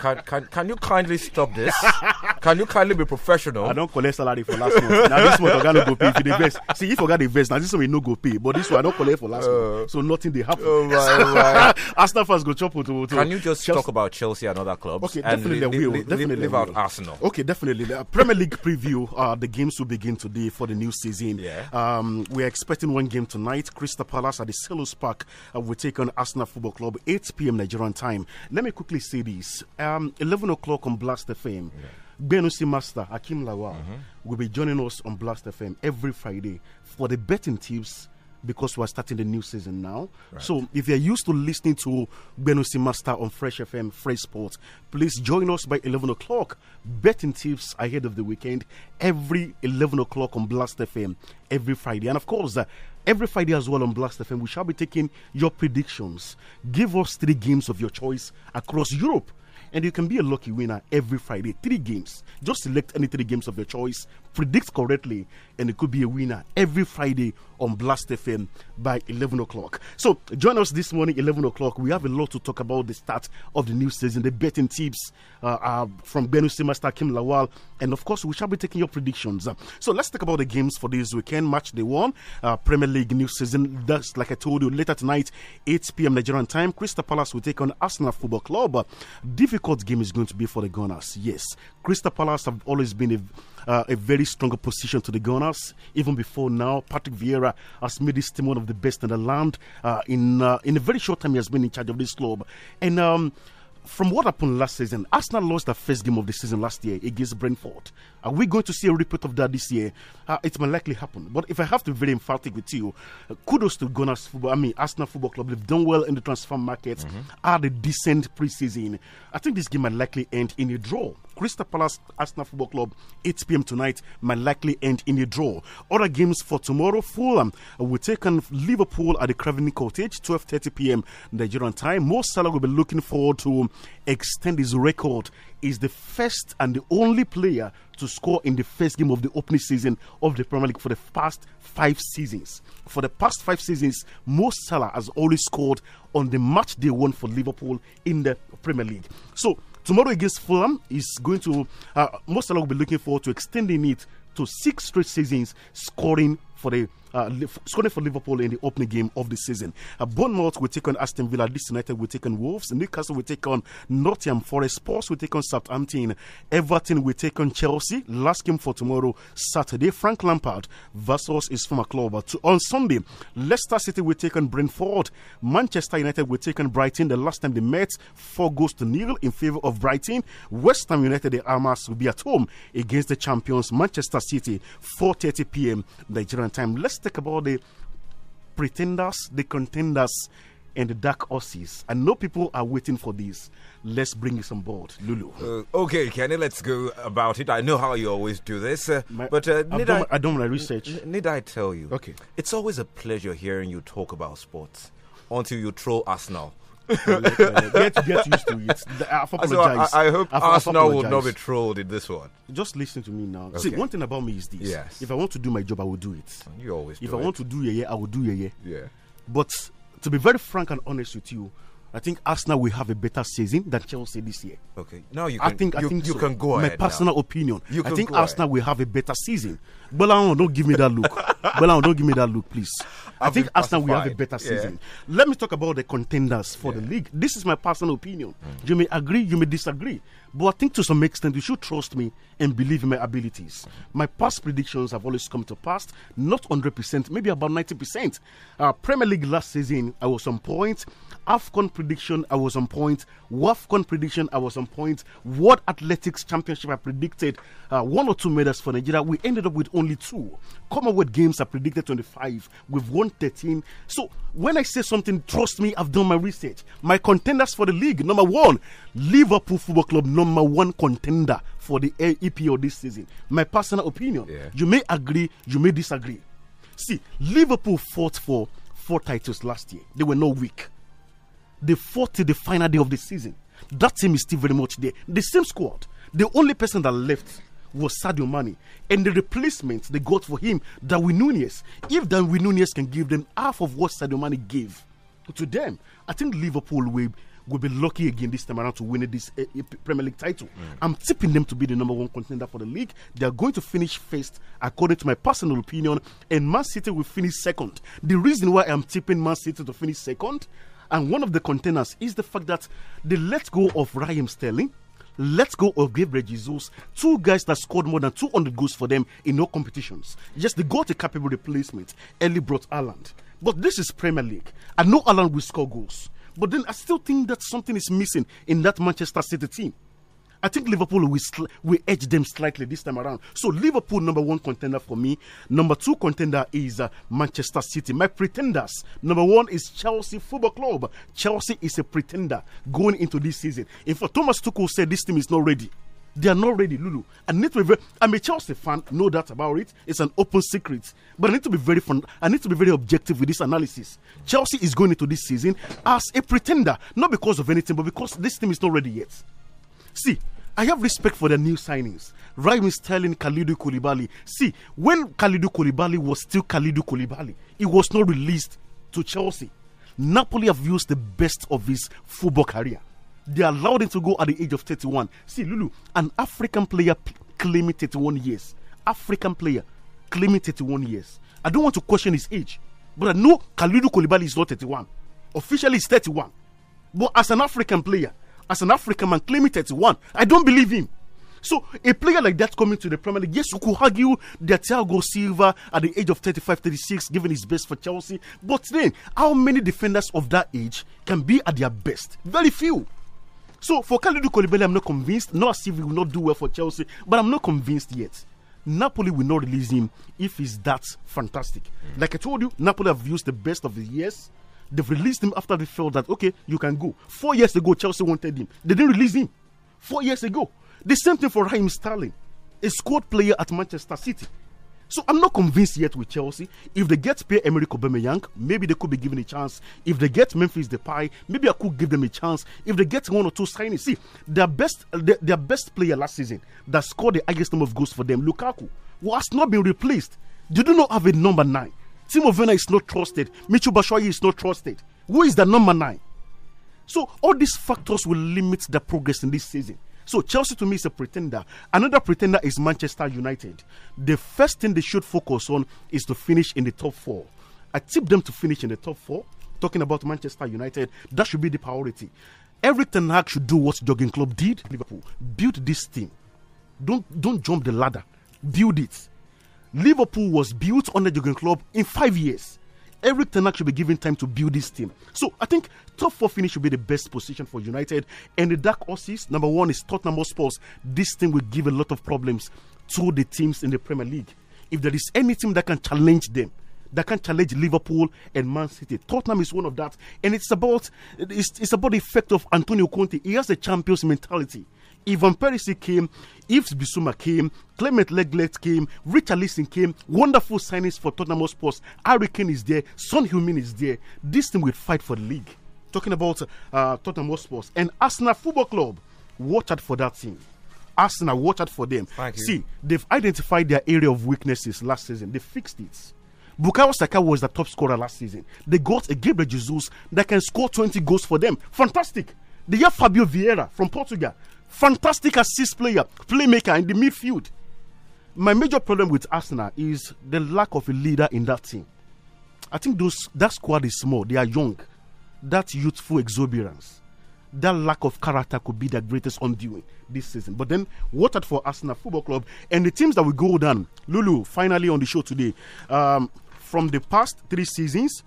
Speaker 11: can, can, can you kindly stop this? Can you kindly be professional? I don't collect salary for last month. Now this month I going to go pay for the vest. See, if I got the vest, now this one we no go pay. But this one I don't collect for last uh, month, so nothing they happen. Oh right, oh right. Arsenal fans go chop what wood. Can you just Chelsea. talk about Chelsea and other clubs? Okay, definitely we will. definitely leave out Arsenal. Okay, definitely. Uh, Premier League preview. Uh, the games will begin today for the new season. Yeah. Um, we are expecting one game tonight. Crystal Palace at the Celos Park uh, will take on Arsenal Football Club, 8 p.m. Nigerian time. Let me quickly say this. Um, 11 o'clock on Blast FM. Yeah. Benusi Master Akim Lawal mm -hmm. will be joining us on Blast FM every Friday for the betting tips because we're starting the new season now. Right. So if you're used to listening to Benusi Master on Fresh FM, Fresh Sports, please join us by 11 o'clock. Betting tips ahead of the weekend every 11 o'clock on Blast FM every Friday. And of course, uh, every Friday as well on Blast FM, we shall be taking your predictions. Give us three games of your choice across Europe and you can be a lucky winner every Friday. Three games. Just select any three games of your choice predicts correctly, and it could be a winner every Friday on Blast FM by 11 o'clock. So join us this morning, 11 o'clock. We have a lot to talk about the start of the new season. The betting tips uh, uh from Benusi Master Kim Lawal, and of course, we shall be taking your predictions. So let's talk about the games for this weekend. Match day one, uh, Premier League new season. That's like I told you later tonight, 8 p.m. Nigerian time. Crystal Palace will take on Arsenal Football Club. Difficult game is going to be for the Gunners. Yes, Crystal Palace have always been a, uh, a very strong opposition to the Gunners. Even before now, Patrick Vieira has made this team one of the best in the land. Uh, in uh, in a very short time, he has been in charge of this club. And um, from what happened last season, Arsenal lost their first game of the season last year against Brentford. Are we going to see a repeat of that this year? Uh, it may likely happen. But if I have to be very emphatic with you, uh, kudos to Gunners Football, I mean, Arsenal Football Club. They've done well in the transfer market, mm -hmm. had a decent preseason. I think this game might likely end in a draw. Crystal Palace Arsenal Football Club, 8 p.m. tonight, might likely end in a draw. Other games for tomorrow, Fulham will take on Liverpool at the Craven Cottage, 12.30 p.m. Nigerian time. Mo Salah will be looking forward to extend his record. Is the first and the only player to score in the first game of the opening season of the Premier League for the past five seasons. For the past five seasons, Mo Salah has always scored on the match day one for Liverpool in the Premier League. So tomorrow against Fulham is going to uh, Mo Salah will be looking forward to extending it to six straight seasons scoring for the uh, scoring for Liverpool in the opening game of the season. Uh, Bournemouth will take on Aston Villa. Leeds United will take on Wolves. Newcastle will take on Nottingham Forest. Spurs will take on Southampton. Everton will take on Chelsea. Last game for tomorrow, Saturday. Frank Lampard versus his former club. Uh, to, on Sunday, Leicester City will take on Brentford. Manchester United will take on Brighton. The last time they met, four goals to nil in favour of Brighton. West Ham United, the Amas, will be at home against the champions Manchester City. 4:30 p.m. Nigerian time. Leicester realistic about the pretenders, the contenders, and the dark horses. I know people are waiting for this. Let's bring this on board, Lulu.
Speaker 2: Uh, okay, Kenny, let's go about it. I know how you always do this, uh, my, but
Speaker 11: uh, I've not done, I, I my research.
Speaker 2: need I tell you? Okay, it's always a pleasure hearing you talk about sports until you throw us
Speaker 11: now get, get used to it. I apologize. So I, I hope I, Arsenal will not be trolled in this one. Just listen to me now. Okay. See, one thing about me is this. Yes. If I want to do my job, I will do it. Oh, you always If I it. want to do a year, I will do a year. Yeah. But to be very frank and honest with you, I think Arsenal will have a better season than Chelsea this year. Okay. Now you can, I think, you, I think you so. can go My personal now. opinion. You I think Arsenal ahead. will have a better season. Bolaon, don't give me that look. Bolaon, don't give me that look, please. I've i think Arsenal will have a better season. Yeah. Let me talk about the contenders for yeah. the league. This is my personal opinion. Mm. You may agree, you may disagree. But I think to some extent, you should trust me and believe in my abilities. Mm. My past predictions have always come to pass, not 100%, maybe about 90%. Uh, Premier League last season, I was on point. AFCON prediction, I was on point. WAFCON prediction, I was on point. World Athletics Championship, I predicted uh, one or two medals for Nigeria. We ended up with only two. Commonwealth Games are predicted 25. We've won 13. So when I say something, trust me, I've done my research. My contenders for the league number one, Liverpool Football Club, number one contender for the EPL this season. My personal opinion. Yeah. You may agree, you may disagree. See, Liverpool fought for four titles last year, they were not weak. They fought till the final day of the season. That team is still very much there. The same squad. The only person that left was Sadio Mane. And the replacement they got for him, Darwin Nunez, if Darwin Nunez can give them half of what Sadio Mane gave to them, I think Liverpool will, will be lucky again this time around to win this uh, Premier League title. Mm. I'm tipping them to be the number one contender for the league. They are going to finish first, according to my personal opinion, and Man City will finish second. The reason why I'm tipping Man City to finish second. And one of the contenders is the fact that they let go of Raheem Sterling let us go of Gabriel Jesus. Two guys that scored more than 200 goals for them in no competitions. Yes, they got a capable replacement. Early brought Ireland. But this is Premier League. I know Ireland will score goals. But then I still think that something is missing in that Manchester City team. I think Liverpool will, will edge them slightly this time around. So Liverpool, number one contender for me. Number two contender is uh, Manchester City. My pretenders, number one is Chelsea Football Club. Chelsea is a pretender going into this season. In fact, Thomas Tuchel said this team is not ready. They are not ready, Lulu. I need to be very, I'm a Chelsea fan, no doubt about it. It's an open secret. But I need to be very fun. I need to be very objective with this analysis. Chelsea is going into this season as a pretender, not because of anything, but because this team is not ready yet. See, I have respect for the new signings. is Sterling, Khalidu Koulibaly. See, when Khalidu Koulibaly was still Khalidu Koulibaly, he was not released to Chelsea. Napoli have used the best of his football career. They allowed him to go at the age of 31. See, Lulu, an African player claiming 31 years. African player claiming 31 years. I don't want to question his age, but I know Khalidu Koulibaly is not 31. Officially, he's 31. But as an African player, as an African man claiming 31. I don't believe him. So a player like that coming to the Premier League, yes, you could argue that Thiago Silva at the age of 35, 36, giving his best for Chelsea. But then, how many defenders of that age can be at their best? Very few. So for Kalidou Koulibaly, I'm not convinced. Not as if he will not do well for Chelsea, but I'm not convinced yet. Napoli will not release him if he's that fantastic. Like I told you, Napoli have used the best of the years They've released him after they felt that, okay, you can go. Four years ago, Chelsea wanted him. They didn't release him. Four years ago. The same thing for Raheem Sterling, a squad player at Manchester City. So I'm not convinced yet with Chelsea. If they get Pierre Emerick Aubameyang, maybe they could be given a chance. If they get Memphis Depay, maybe I could give them a chance. If they get one or two signings, see their best their, their best player last season that scored the highest number of goals for them, Lukaku, who has not been replaced. They do not have a number nine. Timo Werner is not trusted. Michu Bashoyi is not trusted. Who is the number nine? So all these factors will limit the progress in this season. So Chelsea to me is a pretender. Another pretender is Manchester United. The first thing they should focus on is to finish in the top four. I tip them to finish in the top four. Talking about Manchester United, that should be the priority. Everything Ten Hag should do what Jogging Club did. Liverpool build this team. Don't don't jump the ladder. Build it. Liverpool was built under Jurgen Klopp in five years. Eric Ten Hag should be given time to build this team. So I think top four finish should be the best position for United. And the dark horses, number one is Tottenham Hotspurs. This team will give a lot of problems to the teams in the Premier League. If there is any team that can challenge them, that can challenge Liverpool and Man City. Tottenham is one of that, and it's about it's, it's about the effect of Antonio Conte. He has a champions mentality. Ivan Perisic came, Yves Bissouma came, Clement Leglet came, Richard Listen came. Wonderful signings for Tottenham Sports. Harry Kane is there, Son Heung-min is there. This team will fight for the league. Talking about uh, Tottenham Sports and Arsenal Football Club, watch out for that team. Arsenal, watch out for them. See, they've identified their area of weaknesses last season. They fixed it. Bukayo Saka was the top scorer last season. They got a Gabriel Jesus that can score 20 goals for them. Fantastic. They have Fabio Vieira from Portugal fantastic assist player, playmaker in the midfield. My major problem with Arsenal is the lack of a leader in that team. I think those that squad is small. They are young. That youthful exuberance, that lack of character could be their greatest undoing this season. But then, what at for Arsenal Football Club and the teams that we go down. Lulu, finally on the show today. Um, from the past three seasons,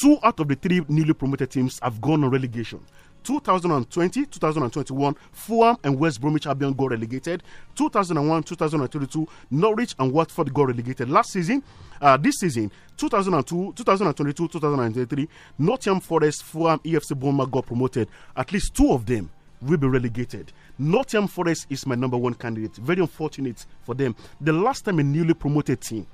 Speaker 11: two out of the three newly promoted teams have gone on relegation. 2020 2021, Fulham and West Bromwich Albion got relegated. 2001 2022, Norwich and Watford got relegated. Last season, uh, this season, 2002 2022 2023, Nottingham Forest, Fulham, EFC Bournemouth got promoted. At least two of them will be relegated. Nottingham Forest is my number one candidate. Very unfortunate for them. The last time a newly promoted team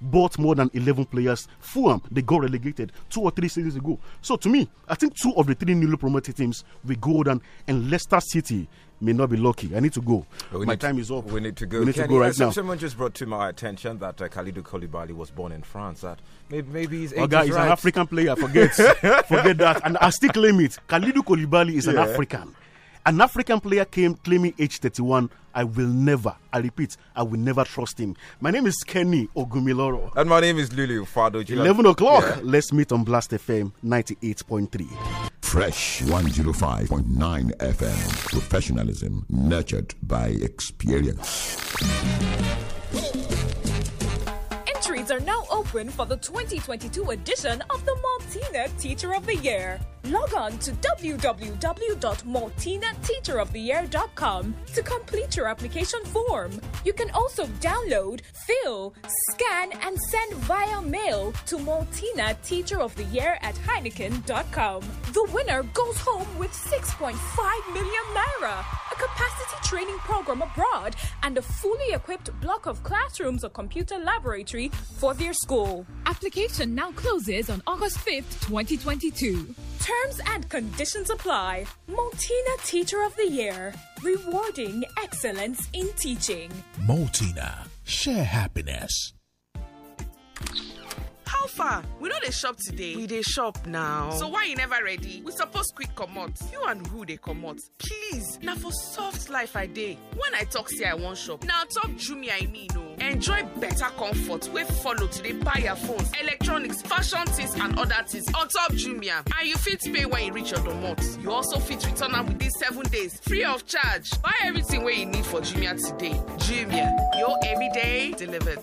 Speaker 11: bought more than 11 players. Fulham, they got relegated two or three seasons ago. So to me, I think two of the three newly promoted teams will go down, and Leicester City may not be lucky. I need to go. We my time to, is up. We need to go. We need Kenny, to go right uh, now.
Speaker 2: Someone just brought to my attention that uh, Khalidou Koulibaly was born in
Speaker 11: France. That maybe, maybe he's. Oh, guy, he's right. an African player. Forget, forget that. And I still claim it. Khalidou Koulibaly is yeah. an African. An African player came claiming age 31. I will never, I repeat, I will never trust him. My name is Kenny Ogumiloro. And my name is
Speaker 2: Lulu Fado. 11 o'clock. Yeah.
Speaker 11: Let's meet on Blast FM 98.3. Fresh 105.9 FM. Professionalism nurtured by
Speaker 12: experience
Speaker 10: are now open for the 2022 edition of the Maltina Teacher of the Year. Log on to www.maltinateacheroftheyear.com to complete your application form. You can also download, fill, scan, and send via mail to Maltina Teacher of the Year at Heineken.com. The winner goes home with 6.5 million naira, a capacity training program abroad, and a fully equipped block of classrooms or computer laboratory fourth year school. Application now closes on August 5th, 2022. Terms and conditions apply. Multina Teacher of the Year. Rewarding excellence
Speaker 9: in teaching.
Speaker 11: Multina. Share happiness.
Speaker 9: how far we no dey shop today we dey shop now so why you never ready we suppose quick comot you and who dey comot please Now for soft life i day. when i talk say i wan shop Now talk jumia i mean o oh. enjoy better comfort We follow today. buy your phones electronics fashion things and other things on top jumia and you fit pay when you reach your domot you also fit return up within seven days free of charge buy everything where you need for jumia today jumia your everyday delivered.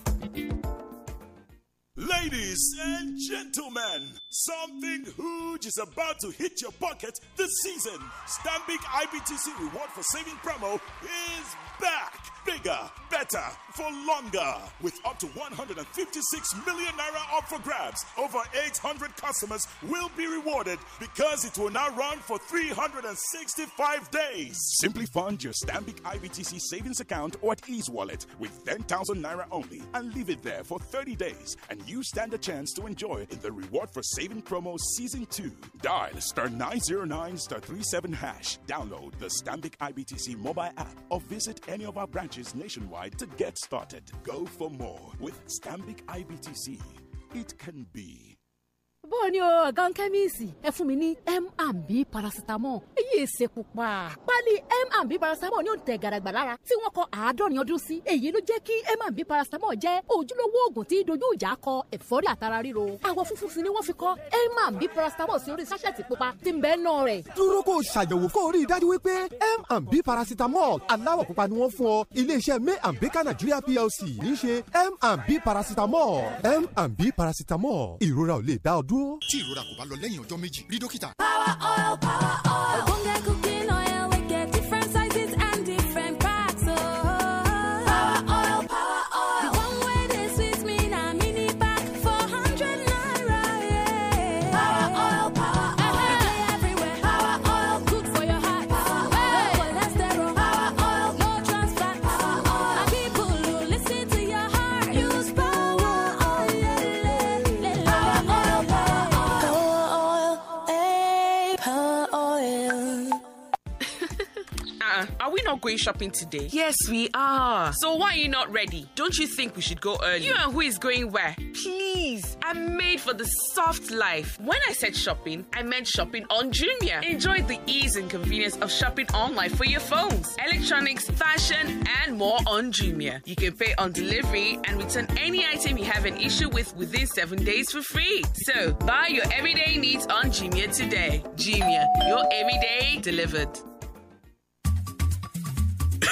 Speaker 9: Ladies and gentlemen, something huge is about to hit your pocket
Speaker 11: this season. Stanbic IBTC reward for saving promo is back bigger, better, for longer. With up to 156 million naira up for grabs, over 800 customers will be rewarded because it will now run for 365 days. Simply fund your Stambic IBTC savings account or at Ease Wallet with 10,000 naira only and leave it there for 30 days, and you stand a chance to enjoy the reward for saving promo season 2. Dial star 909 star 37 hash. Download the Stambic IBTC mobile app or visit any of our branches nationwide to get started. Go for more with Stambic IBTC. It can be.
Speaker 3: bó o ọ̀gán kẹ́míìsì ẹ fún mi ní B paracetamol èyí èsè pupa pálí m&b paracetamol ní òǹtẹ̀ gàràgbà lára tí wọ́n kọ àádọ́rin ọdún sí èyí ló jẹ́ kí m&b paracetamol jẹ́ ojúlówó oògùn tí dojú ìjà kọ ẹ̀fọ́rí àtara ríro àwọ̀ funfun sì ni wọ́n fi kọ B paracetamol sí orí sáṣẹ̀tì pupa tí ń bẹ́ẹ̀ náà rẹ̀.
Speaker 16: dúró kó o ṣàyẹ̀wò kó o rí i dájú wípé m&b paracetamol aláwọ̀ pupa ni wọ́n fún ọ iléeṣẹ́ may and baker nigeria plc ní í ṣe m&b paracetamol m&b paracetamol dúró. tí ìrora kò bá lọ lẹ́yìn ọjọ́ méjì rí dókítà. power oil
Speaker 10: power oil.
Speaker 9: going shopping today? Yes, we are. So why are you not ready? Don't you think we should go early? You and who is going where? Please, I'm made for the soft life. When I said shopping, I meant shopping on Jumia. Enjoy the ease and convenience of shopping online for your phones, electronics, fashion, and more on Jumia. You can pay on delivery and return any item you have an issue with within seven days for free. So buy your everyday needs on Jumia today. Jumia, your everyday delivered.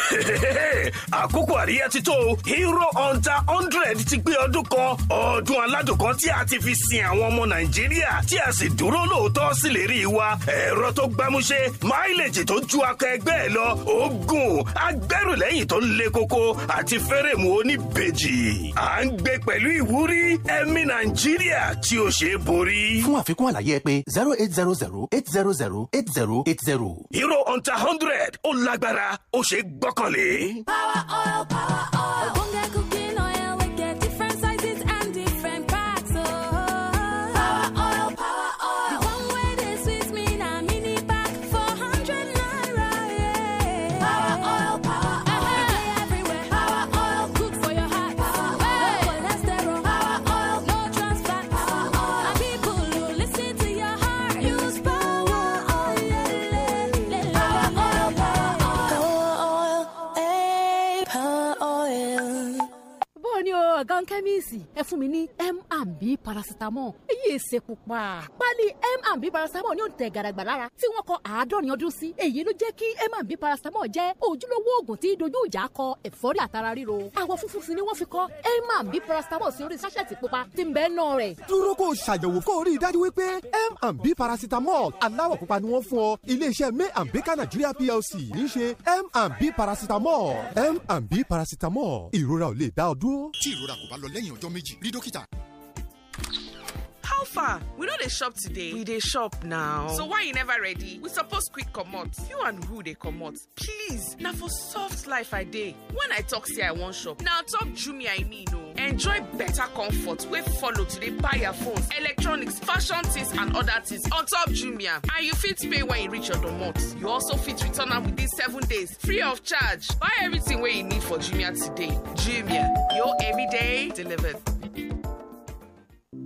Speaker 4: àkókò àríyá ti hero hunter hundred ti gbé ọdún kan ọdún aládùn kan tí a ti fi sin àwọn ọmọ nàìjíríà tí a sì dúró lóòótọ́ sí lè rí i wa ẹ̀rọ
Speaker 11: tó gbámúṣé máìlèjì tó ju akọ ẹgbẹ́ ẹ lọ oògùn agbẹrùlẹ́yìn tó ń le koko àti fẹ́rẹ̀mù oníbejì à ń gbé pẹ̀lú ìwúrí ẹ̀mí nàìjíríà tí ó ṣe é borí. fún
Speaker 5: àfikún àlàyé ẹ pé zero eight zero zero eight zero zero
Speaker 11: eight zero eight zero. hero hunter hundred ó lágbára ó ṣe é gbọ́ broccoli.
Speaker 10: Power oil, power oil. gbọ̀ngàn kẹ́míìsì ẹ fún mi ní m and
Speaker 3: b paracetamol èyí èsè pupa. pálí m and b paracetamol ní òǹtẹ̀ gàràgbà lára tí wọ́n kọ àádọ́rin ọdún sí. èyí ló jẹ́ kí m and b paracetamol jẹ́ ojúlówó oògùn tí dojú ìjà kọ ẹ̀fọ́rí àtara ríro. àwọ̀ funfun sí ni wọ́n fi kọ m and b paracetamol sí orí sáṣẹ̀tì pupa tí ń bẹ́ náà rẹ̀.
Speaker 16: dúró kó o ṣàyẹ̀wò kó o rí i dájú wípé m and b paracetamol aláwọ̀ pupa ni wọ́n fún ọ iléeṣẹ́ may and baker nigeria plc ní í ṣe m and b paracetamol m and b paracetamol ìrora ò lè dá ọ dúró. tí ìrora kò bá lọ lẹ́yìn ọjọ́ méjì rí dókítà.
Speaker 9: how far we know they shop today we dey shop now so why you never ready we suppose quick comot you and who they comot please Now for soft life i day. when i talk say i wan shop Now talk jumia i mean o. Oh. enjoy better comfort with follow to the buy your phones electronics fashion things and other things on top jumia and you fit pay when you reach your domot you also fit return am within seven days free of charge buy everything where you need for jumia today jumia your everyday delivered.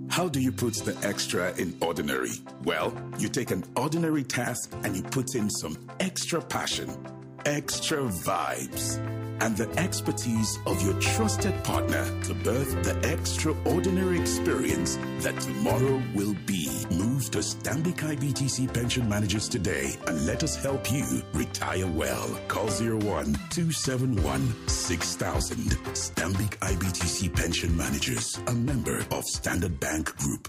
Speaker 11: How do you put the extra in ordinary? Well, you take an ordinary task and you put in some extra passion, extra vibes and the expertise of your trusted partner to birth the extraordinary experience that tomorrow will be. Move to Stanbic IBTC Pension Managers today and let us help you retire well. Call 01 271 6000. Stanbic IBTC Pension Managers, a member of Standard
Speaker 10: Bank Group.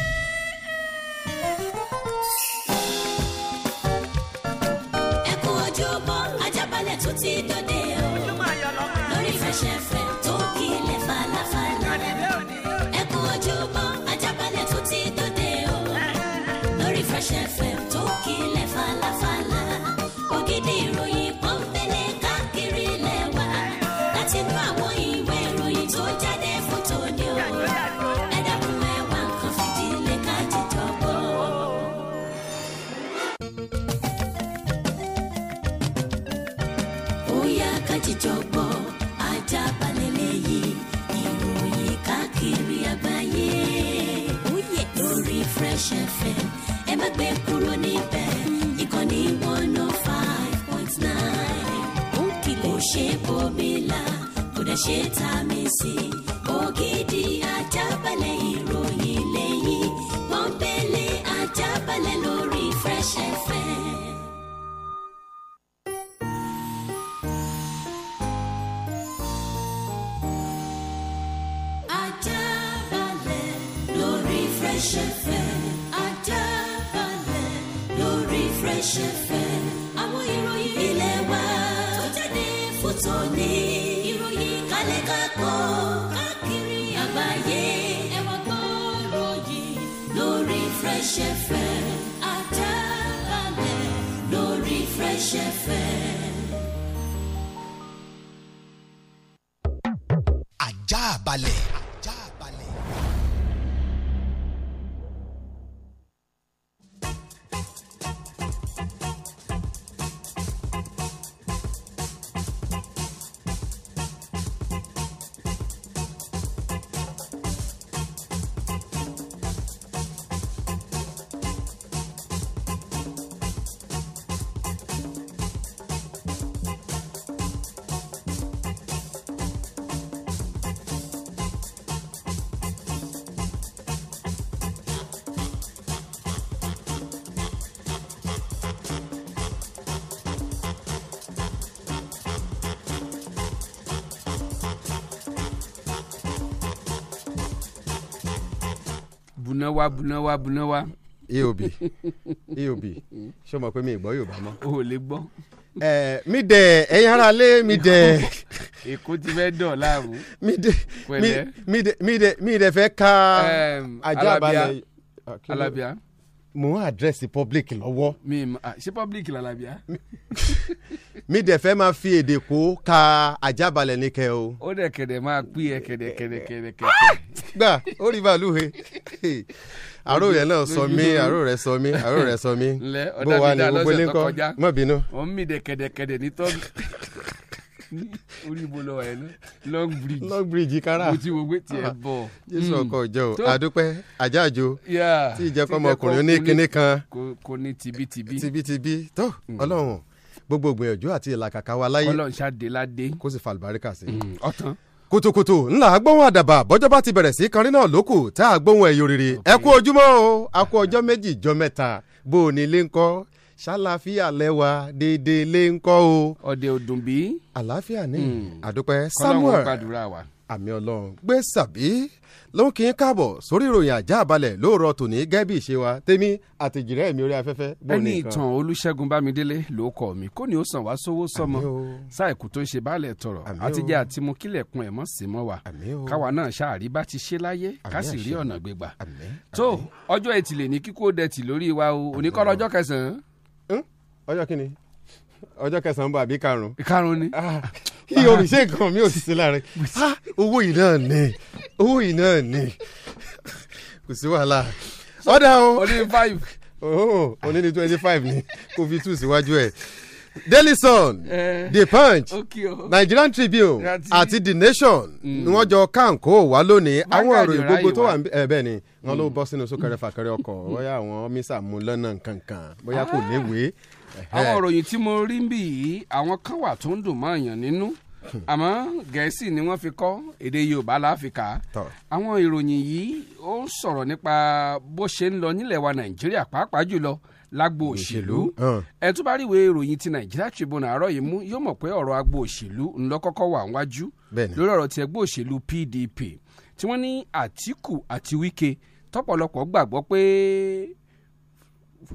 Speaker 7: má gbé one oh five point nine. ó kìlẹ̀ kò ṣe bòmílà kò dẹ̀ ṣe sí ògidì ajábalẹ̀ ìròyìn fresh fẹ́. àwọn ìròyìn ilé wa tó jáde fún tòní. ìròyìn kálẹ̀ kákọ́ káàkiri àgbáyé. ẹ wá gbọ́rọ̀ yìí lórí fresh fẹ́. àjàbalẹ̀ lórí fresh fẹ́.
Speaker 17: wa bùnà wa bùnà wa.
Speaker 16: eob eob ṣé o mọ̀ pé mi ì gbọ́ yorùbá mọ́. o ò lè gbọ́. ẹ mi dẹ ẹyin ara lé mi dẹ. èkó
Speaker 17: ti fẹ́ dọ̀ láàmú.
Speaker 16: mi dẹ mi dẹ mi dẹ mi dẹ fẹ́ ka ajá balẹ̀. alábíà alábíà mo ń àdírẹ́sì public lọ́wọ́. mi ma ṣe
Speaker 17: public làlàbíà.
Speaker 16: mi dẹ̀ fẹ́ máa fi èdè kó ka àjábalẹ̀ ní kẹ o.
Speaker 17: ó dẹ̀ kẹ̀dẹ̀ máa pín ẹ kẹ̀dẹ̀ kẹ̀dẹ̀ kẹ̀dẹ̀ kẹ̀dẹ̀. Ah!
Speaker 16: gbà ó rí bàálù he àrò rẹ náà sọ mí àrò rẹ sọ mí àrò rẹ sọ mí bó wà ní gbogbo lẹ́ńkọ́ mọ̀ bínú.
Speaker 17: ó ń mi dẹ̀ kẹ̀dẹ̀ kẹ̀dẹ̀ ní ní orí ibo lọ ẹ̀ long bridge long bridge kára mo ti wo pé tiẹ̀ ah, bọ̀. jésù hmm. ọkọ ọjọ́ o àdúpẹ́
Speaker 16: àjáàjò tí ìjẹ́pọ̀ ọmọkùnrin ní kinní kan
Speaker 17: kò ní tibitibi tibitibi
Speaker 16: tó hmm. ọlọ́run gbogbo gbìyànjú àti ìlàkàkà wa láyé ọlọ́run ṣáde ládé kó sì fa àlùbáríkà sí i hmm. ọ̀tán kùtùkùtù ńlá gbóhùn àdàbà bọ́jọ́ bá ti bẹ̀rẹ̀ sí kọrin náà lókù tá a gbóhùn ẹ̀yọ́ rere ẹ kú o a kú ọjọ́ méjì jọ mẹ́ta bó o ní ilé ńkọ́ ṣàlàfíà lẹ́wà déédé lé ń kọ́ o. ọ̀dẹ̀ ọdún bí. àlàáfíà ní hmm. àdúpẹ́ samuel kọ́lá wọn gbàdúrà wa. àmì ọlọ́run gbé sàbí ló ń kí n káàbọ̀ sórí ìròyìn ajá balẹ̀ lóòrọ̀ tòní gẹ́bí ìṣe wa tèmi àtìjìrẹ́ mi orí afẹ́fẹ́. ẹni ìtàn olùṣègùn bámidélé ló kọ mi kó ní ó sàn wá sówó sọmọ ṣáìkú tó ń ṣe baálẹ̀ tọrọ àtijọ́
Speaker 17: àti mú kílẹ̀kùn ẹ̀ mọ́ sí mọ́ wa káwa náà ṣáàrí bá ti ṣe láyé ká sì rí ọ̀nà gbégbà. tó ọjọ́ ẹtì lè ní kíkó dẹ̀tì lórí wa o òní kọ́ kẹsàn-án
Speaker 16: ọjọ́ kìíní ọjọ́ kẹsàn-án bọ̀ àbí karùn-ún. karùn-ún ni. Ah, iye omi ṣe nǹkan mi ò sì sí láàrin ah, owó yìí náà ni owó yìí náà ni kò sí wàhálà ọ̀dà o. oní five. ooo oh, oní ni twenty five ni kò fi two síwájú ẹ̀ daily sun eh, the punch okay, oh. nigerian tribune àti the nation ni wọ́n jọ kánkó wá lónìí àwọn ọ̀rọ̀ ìgbógbó tó wà eh, bẹ́ẹ̀ ni wọ́n ló mm. bọ́ sínú súnkẹrẹ fàkẹrẹ ọkọ̀ bóyá àwọn mísà mú lọ́nà kankan bóyá kò níwèé àwọn òròyìn tí mo rí ń bì yìí àwọn kan wà tó ń dùn mọ́ èèyàn nínú hmm. àmọ́
Speaker 17: gẹ̀ẹ́sì ni wọ́n fi kọ́ èdè yorùbá láfíríkà àwọn ìròyìn yìí ó ń sọ̀rọ̀ nípa bó ṣe ń lọ nílẹ̀ wa nàìjíríà pàápàá jùlọ lágbo òṣèlú ẹ tún bá rí ìwé ìròyìn ti nàìjíríà tribune àárọ̀ yìí mú yóò mọ̀ pé ọ̀rọ̀ agbo òṣèlú ńlọ́kọ́kọ́ wà wájú lórí ọ̀rọ̀ ti ẹgbẹ́ òṣèlú pdp tí wọ́n ní àtìkù àti wíkẹ́ tọ́pọ̀lọpọ̀ gbàgbọ́ pé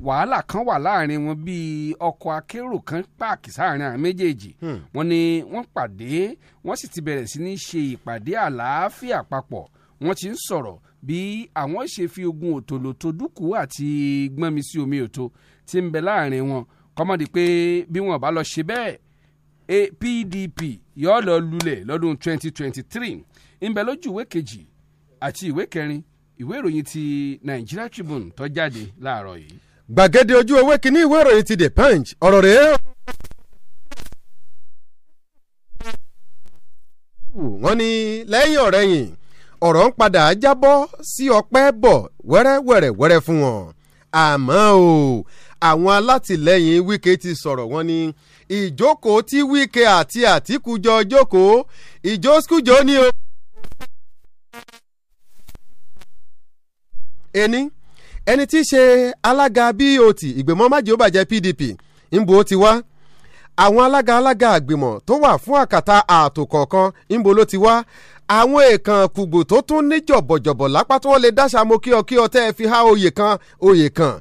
Speaker 17: wàhálà kan wà láàrin wọn bíi ọkọ̀ akérò kan páàkì sáàrin àwọn méjèèjì hmm. wọn ni wọ́n pàdé wọ́n sì ti bẹ̀rẹ̀ sí ní ṣe ìpàdé àlàáfíà papọ̀ wọ́n ti ń sọ̀rọ̀ bí àwọn ṣe fi ogun òtòlótò dúkù àti gbọ́nmi sí omi òtò ti ń bẹ láàrin wọn kọ́mọ́dé pé bí wọn bá lọ ṣe bẹ́ẹ̀ PDP yóò lọ lulẹ̀ lọ́dún 2023 ń bẹ lójú ìwé kejì àti ìwé kẹrin ìwé ìròyìn ti Nigeria Tribune tó jáde láàárọ̀ yìí
Speaker 16: gbàgede ojú ewé kínní ìwé ìròyìn ti the punch ọ̀rọ̀ rèé. wọ́n ní lẹ́yìn ọ̀rẹ́yìn ọ̀rọ̀ ń padà jábọ́ sí ọpẹ́ bọ̀ wẹ́rẹ́wẹ́rẹ́wẹ́rẹ́ fún wọn àmọ́ o àwọn alátìlẹ́yìn Wike ti sọ̀rọ̀ wọ́n ní ìjókòó tí Wike àti Àtíkù jọ jókòó ìjókòó ni o. eni ẹni tí í ṣe alága BOT ìgbìmọ̀ májè ó bàjẹ́ PDP ńbo ó ti wá àwọn alága alága àgbìmọ̀ tó wà fún àkàtà ààtò kọ̀ọ̀kan ńbo ló ti wá àwọn èèkàn kùgbò tó tún ní jọ̀bọ̀jọ̀bọ̀ lápá tí wọ́n lè dáṣà mo kí ọ kí ọ tẹ́ ẹ fi há oyè kan oyè kan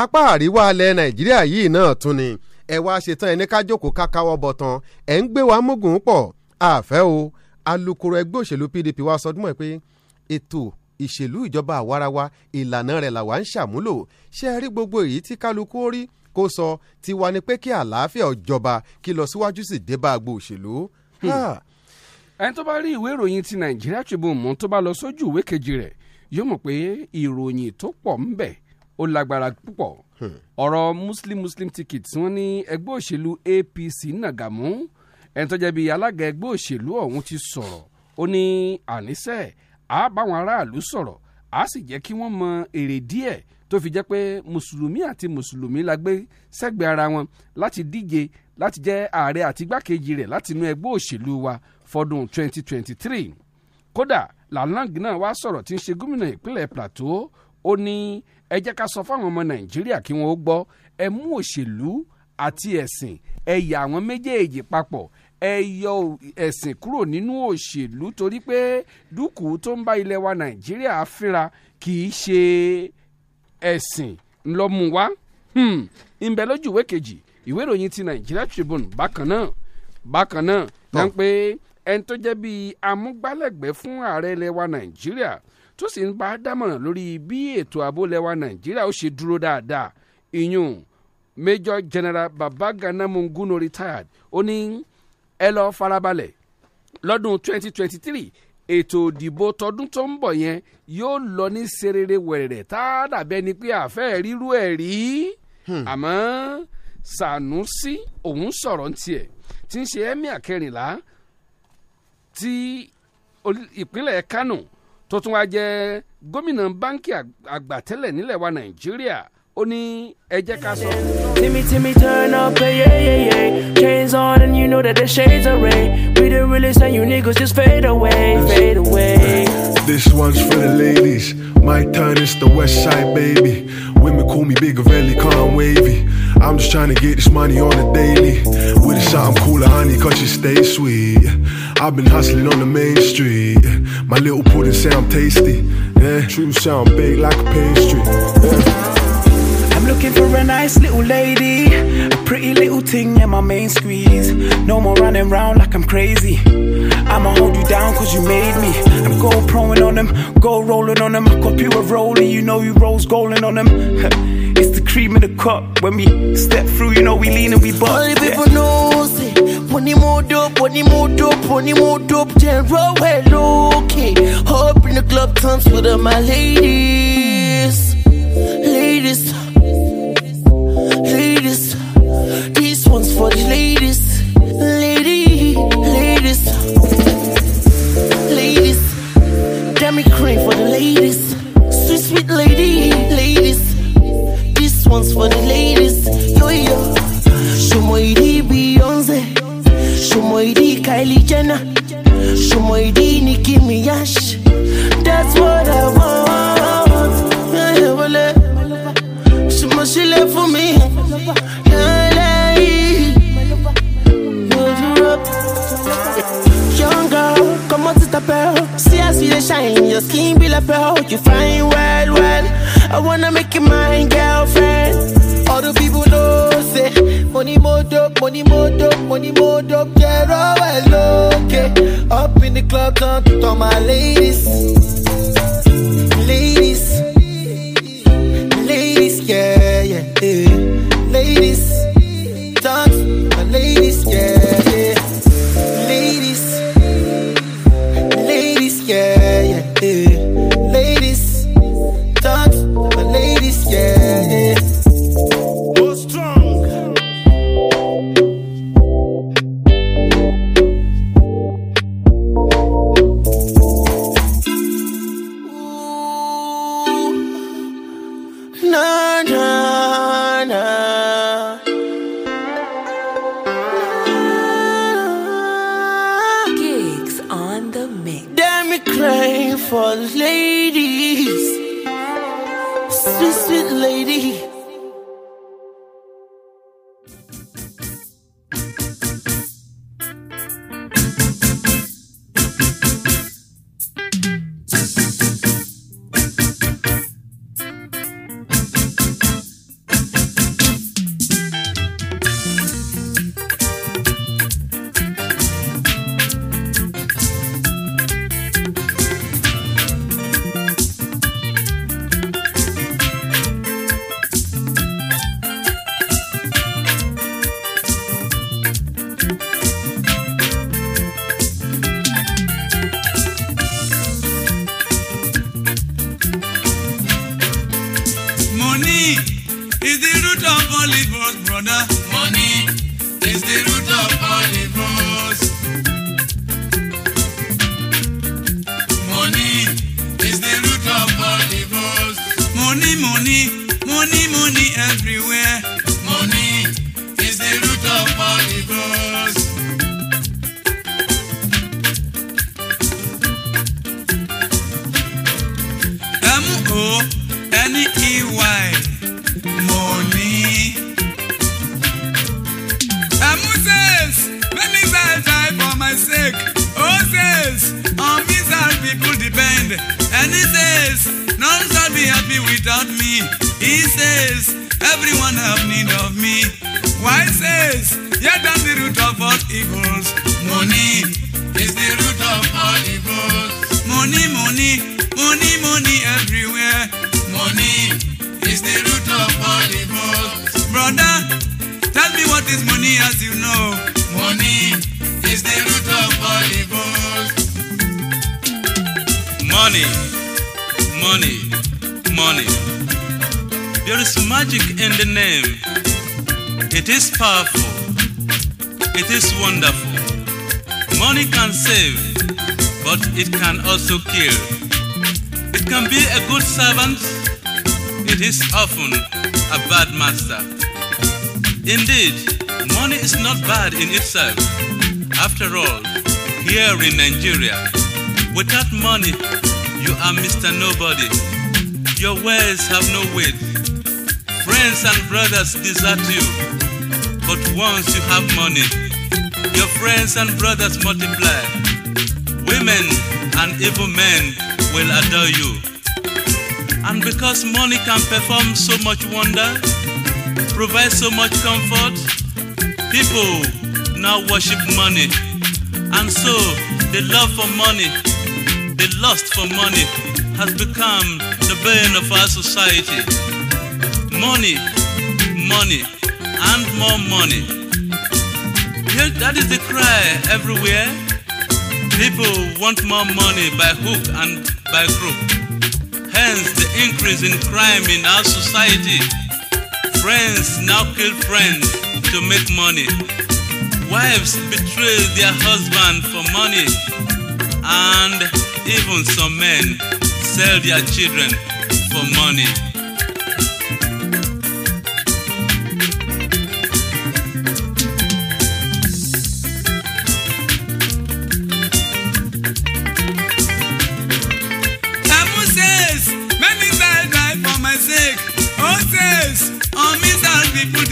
Speaker 16: apá àríwá alẹ́ Nàìjíríà yìí náà tún ni ẹ wá ṣetán ẹni ká jókòó ká káwọ́ bọ̀tán ẹ̀ ń gbé wa mógùn pọ̀ àfẹ́ o alukoro ẹgbẹ́ òṣèlú PDP wa sọdúnmọ́ ẹ pé ètò ìṣèlú ìjọba àwarawa ìlànà rẹ̀ làwa ń ṣàmúlò ṣé ẹ rí gbogbo èyí tí kálukú rí kó sọ tiwa ni pé kí àlàáfíà ọjọba kí lọ síwájú sì dé bá agbo òṣèlú. Hmm.
Speaker 17: ẹni tó bá rí ìwé ìròyìn ti Nigeria Tribune mú tó bá lọ sójú ìwé kejì rẹ̀ yóò mọ̀ pé ìròyìn tó pọ̀ ń bẹ ó lágbára púpọ̀ hmm. ọ̀rọ̀ muslim muslim ticket tí wọ́n ní ẹgbẹ́ òṣèlú APC nàgàmú ẹni tó jẹ́ bíi alága ẹgbẹ́ òṣèlú ọ̀hún ti sọ̀rọ̀ ó ní àníṣe a báwọn aráàlú sọ̀rọ̀ á sì jẹ́ kí wọ́n mọ èrè díẹ̀ tó fi jẹ́ pé mùsùlùmí àti mùsùlùmí la gbé sẹ́gbẹ̀ẹ́ ara wọn láti díje láti jẹ́ ààrẹ àti igbákejì rẹ̀ láti inú ẹgbẹ́ òṣèlú wa fọdún 2023 kódà Lalong náà wá sọ̀rọ̀ tí ń ṣe gómìnà ìpínlẹ̀ Plateau ó ní ẹ jẹ́ ká sọ fáwọn ọmọ Nàìjíríà kí wọ́n ó gbọ́ ẹ mú òṣèlú àti ẹ̀sìn ẹ yà àwọn méjèèjì papọ̀ ẹ yọ ẹ̀sìn kúrò nínú òṣèlú torí pé dúkù tó ń bá ilẹ̀ wa nàìjíríà fínra kì í ṣe ẹ̀sìn ńlọmú wa hmm. ńbẹ lójú ìwé kejì ìwé ìròyìn ti Nigeria Tribune bákan náà bákan náà náà pé ẹni tó jẹ́ bíi amúgbálẹ́gbẹ̀ẹ́ fún ààrẹ ilẹ̀ wa nàìjíríà tó sì ń bá a dámọ̀ràn lórí bí ètò ààbò ilẹ̀ wa nàìjíríà ó ṣe dúró dáadáa ìyún Major General Babagana Mungunu retired ó ní ẹ lọ farabalẹ̀ lọ́dún 2023 ètò òdìbò tọdún tó ń bọ̀ yẹn yóò lọ ní serere wẹ̀rẹ̀ tá a dàbẹ́ ni pé àfẹ́ ríru ẹ̀ rí hmm. àmọ́ Sanusi òun sọ̀rọ̀ ń tiẹ̀ tí ń ṣe emir kẹrìnlá ti ìpínlẹ̀ Kano tó tún wá jẹ́ gómìnà báńkì àgbà tẹ́lẹ̀ nílẹ̀ wa Nàìjíríà ó ní ẹ jẹ́ ká sọ. Timmy, Timmy, turn
Speaker 4: up, hey, eh, yeah, yeah, yeah. Chains on, and you know that the shades are red. We the realest, and you niggas just fade away, fade away. This one's for the ladies. My turn
Speaker 8: is the west side, baby. Women call me Big Valley, calm wavy. I'm just trying to get this money on the daily. With a shot, cooler, honey, cause you stay sweet. I've been hustling on the main street. My little pudding sound tasty. Yeah. True sound baked
Speaker 6: like a pastry. Yeah looking for a nice little lady A pretty little thing in my main squeeze No more running round like I'm crazy I'ma hold you down cause you made me I'm go proing on them, go rolling on them I cop you a rolling,
Speaker 4: you know you rose golden on them It's the cream in the cup When we step through, you know we lean
Speaker 9: and we buck All the
Speaker 4: people yeah. know, say Pony more dope, pony more dope, pony more dope General, hello, okay Up in the club, times with my ladies Ladies
Speaker 18: Uh, for my sake, people depend. And he says, none shall be happy without me. He says, everyone have need of me. Why says, the root of all evils. Money is the root of all evils. Money, money, money, money everywhere is the root of all evil. Brother, tell me what is money as you know. Money is the root of all evil.
Speaker 19: Money, money, money. There is magic in the name. It is powerful. It is wonderful. Money can save, but it can also kill. It can be a good servant it is often a bad master. Indeed, money is not bad in itself. After all, here in Nigeria, without money, you are Mr. Nobody. Your words have no weight. Friends and brothers desert you. But once you have money, your friends and brothers multiply. Women and even men will adore you. And because money can perform so much wonder, provide so much comfort, people now worship money. And so the love for money, the lust for money has become the bane of our society. Money, money, and more money. Here, that is the cry everywhere. People want more money by hook and by crook. Hence the increase in crime in our society. Friends now kill friends to make money. Wives betray their husband for money. And even some men sell their children for money.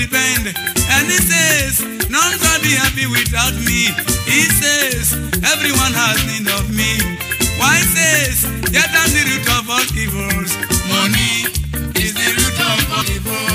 Speaker 18: behind. And he says, None shall be happy without me. He says, Everyone has need of me. Why says, Yet i the root of all evils. Money is the root of all evils.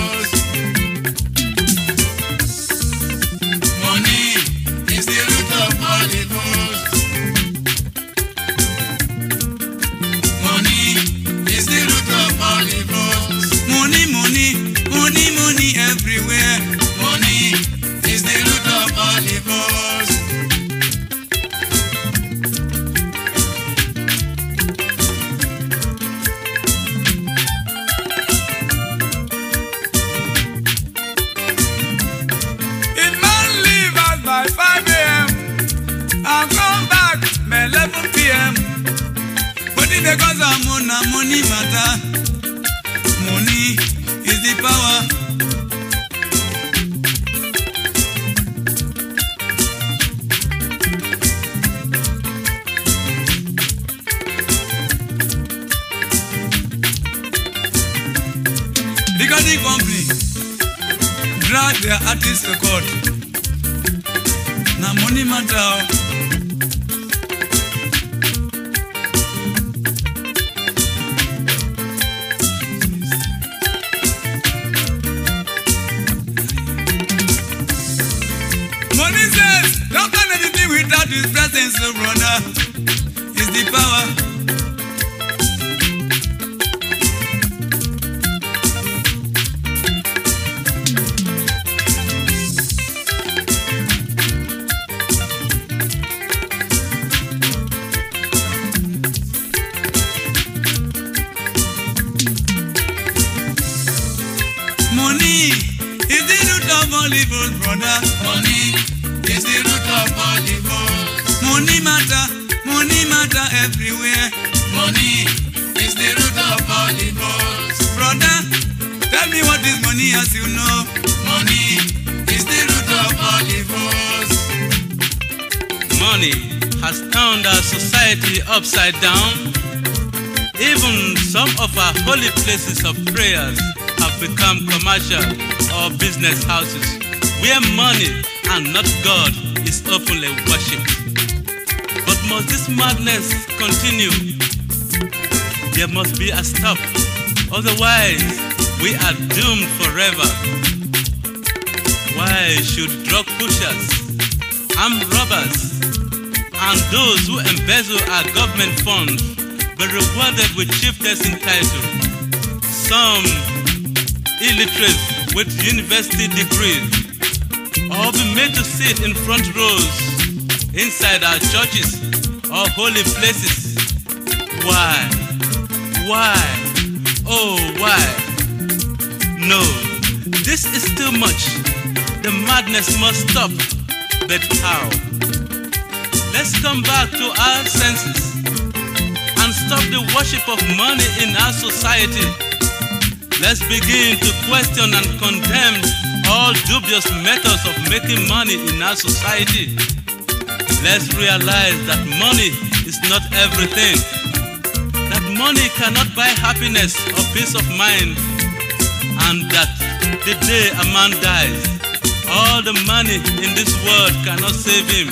Speaker 19: madness continue, there must be a stop. Otherwise, we are doomed forever. Why should drug pushers, armed robbers, and those who embezzle our government funds be rewarded with chieftains in title? Some illiterates with university degrees, all be made to sit in front rows inside our churches of holy places. Why? Why? Oh, why? No, this is too much. The madness must stop. But how? Let's come back to our senses and stop the worship of money in our society. Let's begin to question and condemn all dubious methods of making money in our society. Let's realize that money is not everything. That money cannot buy happiness or peace of mind. And that the day a man dies, all the money in this world cannot save him.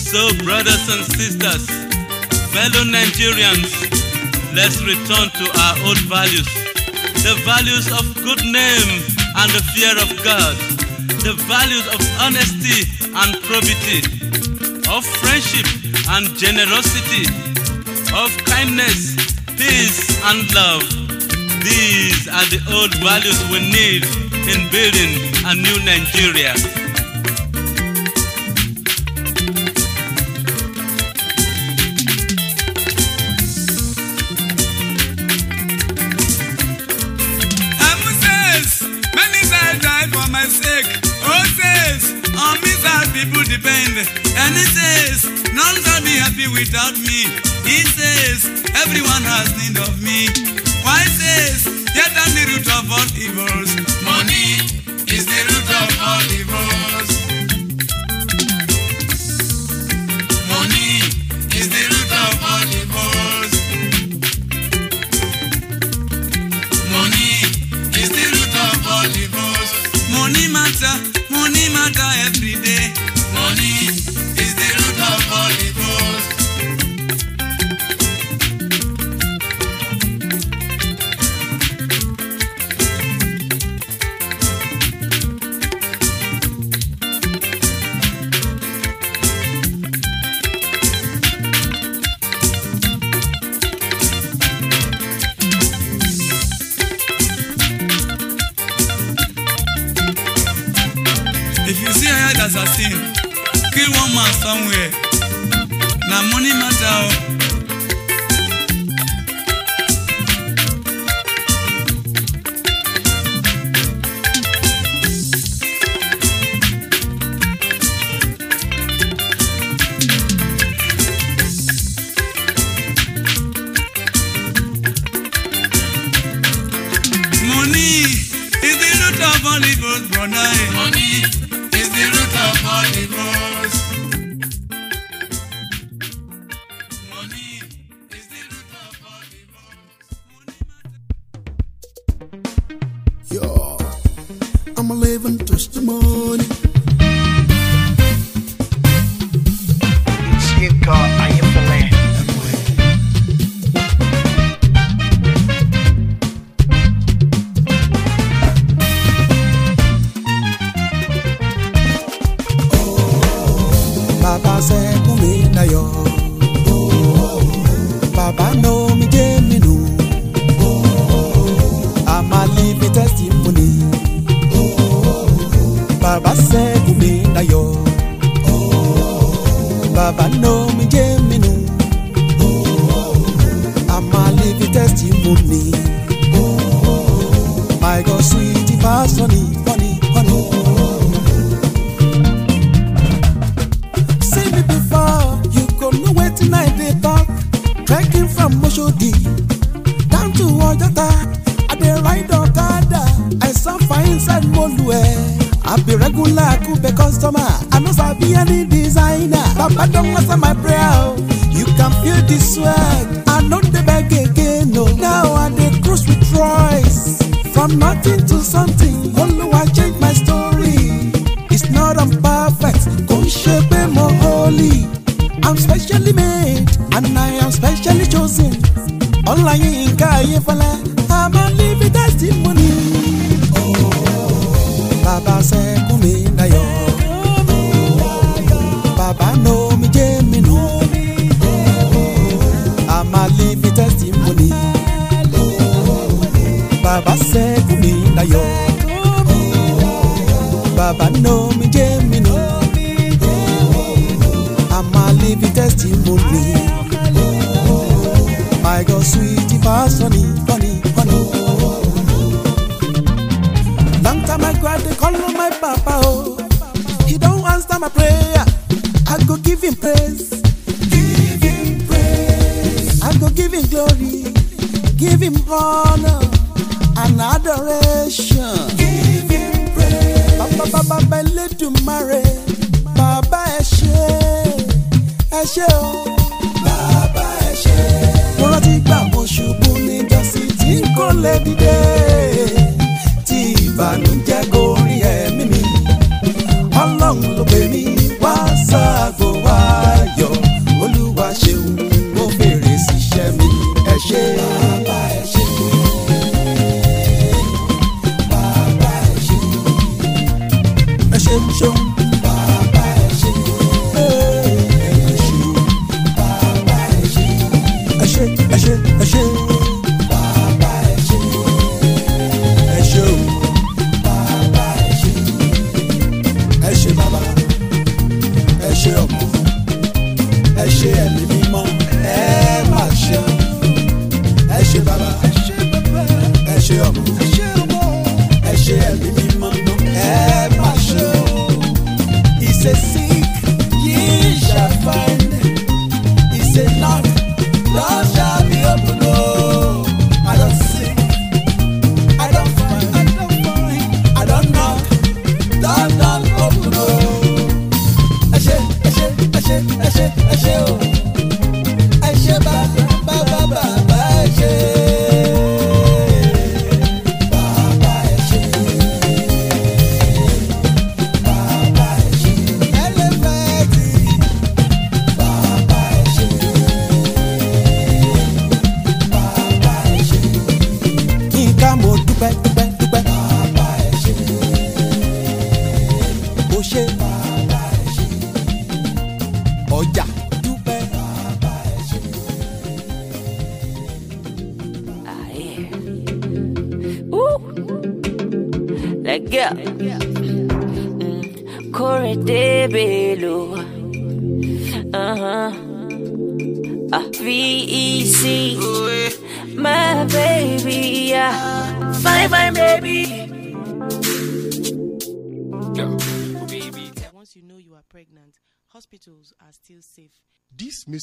Speaker 19: So, brothers and sisters, fellow Nigerians, let's return to our old values the values of good name and the fear of God, the values of honesty and probity, of friendship and generosity, of kindness, peace, and love. These are the old values we need in building a new Nigeria.
Speaker 18: for my sake. Oh, says, people depend. And he says, none can be happy without me. He says, everyone has need of me. Why says, yet i the root of all evils. Money is the root of all evils. Money is the root of all evils. Money is the root of all evils. Money matter, money matter every day. money,
Speaker 9: is the root of all the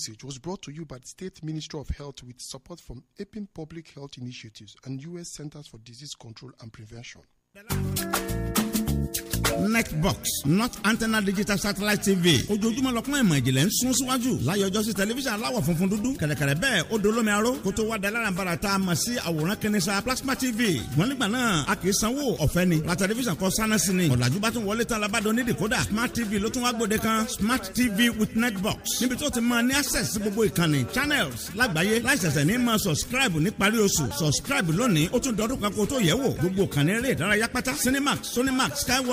Speaker 8: message was brought to you by the State Ministry of Health with support from APIN Public Health Initiatives and U.S. Centers for Disease Control and Prevention.
Speaker 11: netbox not antenna digital satellite tv ojoojúmọ́ lọ́kùn ìmọ̀ ìjìnlẹ̀ ń sún síwájú láyé ọjọ́ sí tẹlifíṣàn aláwọ̀ funfun dúdú kẹ̀lẹ̀kẹ̀lẹ̀ bẹ́ẹ̀ ó dolómi aró kó tó wá da lára bara tá a mọ̀ sí àwòrán kẹnisa plasma tv gbọ́nìgbà náà a kì í sanwó ọ̀fẹ́ ni ra tẹlifíṣàn kọ sánẹ́sì ni ọ̀làjú bá tún wọlé tán labádọ́ ní dìkódà smart tv ló tún wá gbòde kan smart tv with netbox níbi tó ti máa ní access sí gbogbo ìkànnì channels lágbàáyé láìsẹ̀sẹ̀ ní máa subscribe ní parí subscribe lónìí ó tún dọ́dún kan kó tó yápátá cinemax sonimax skywalk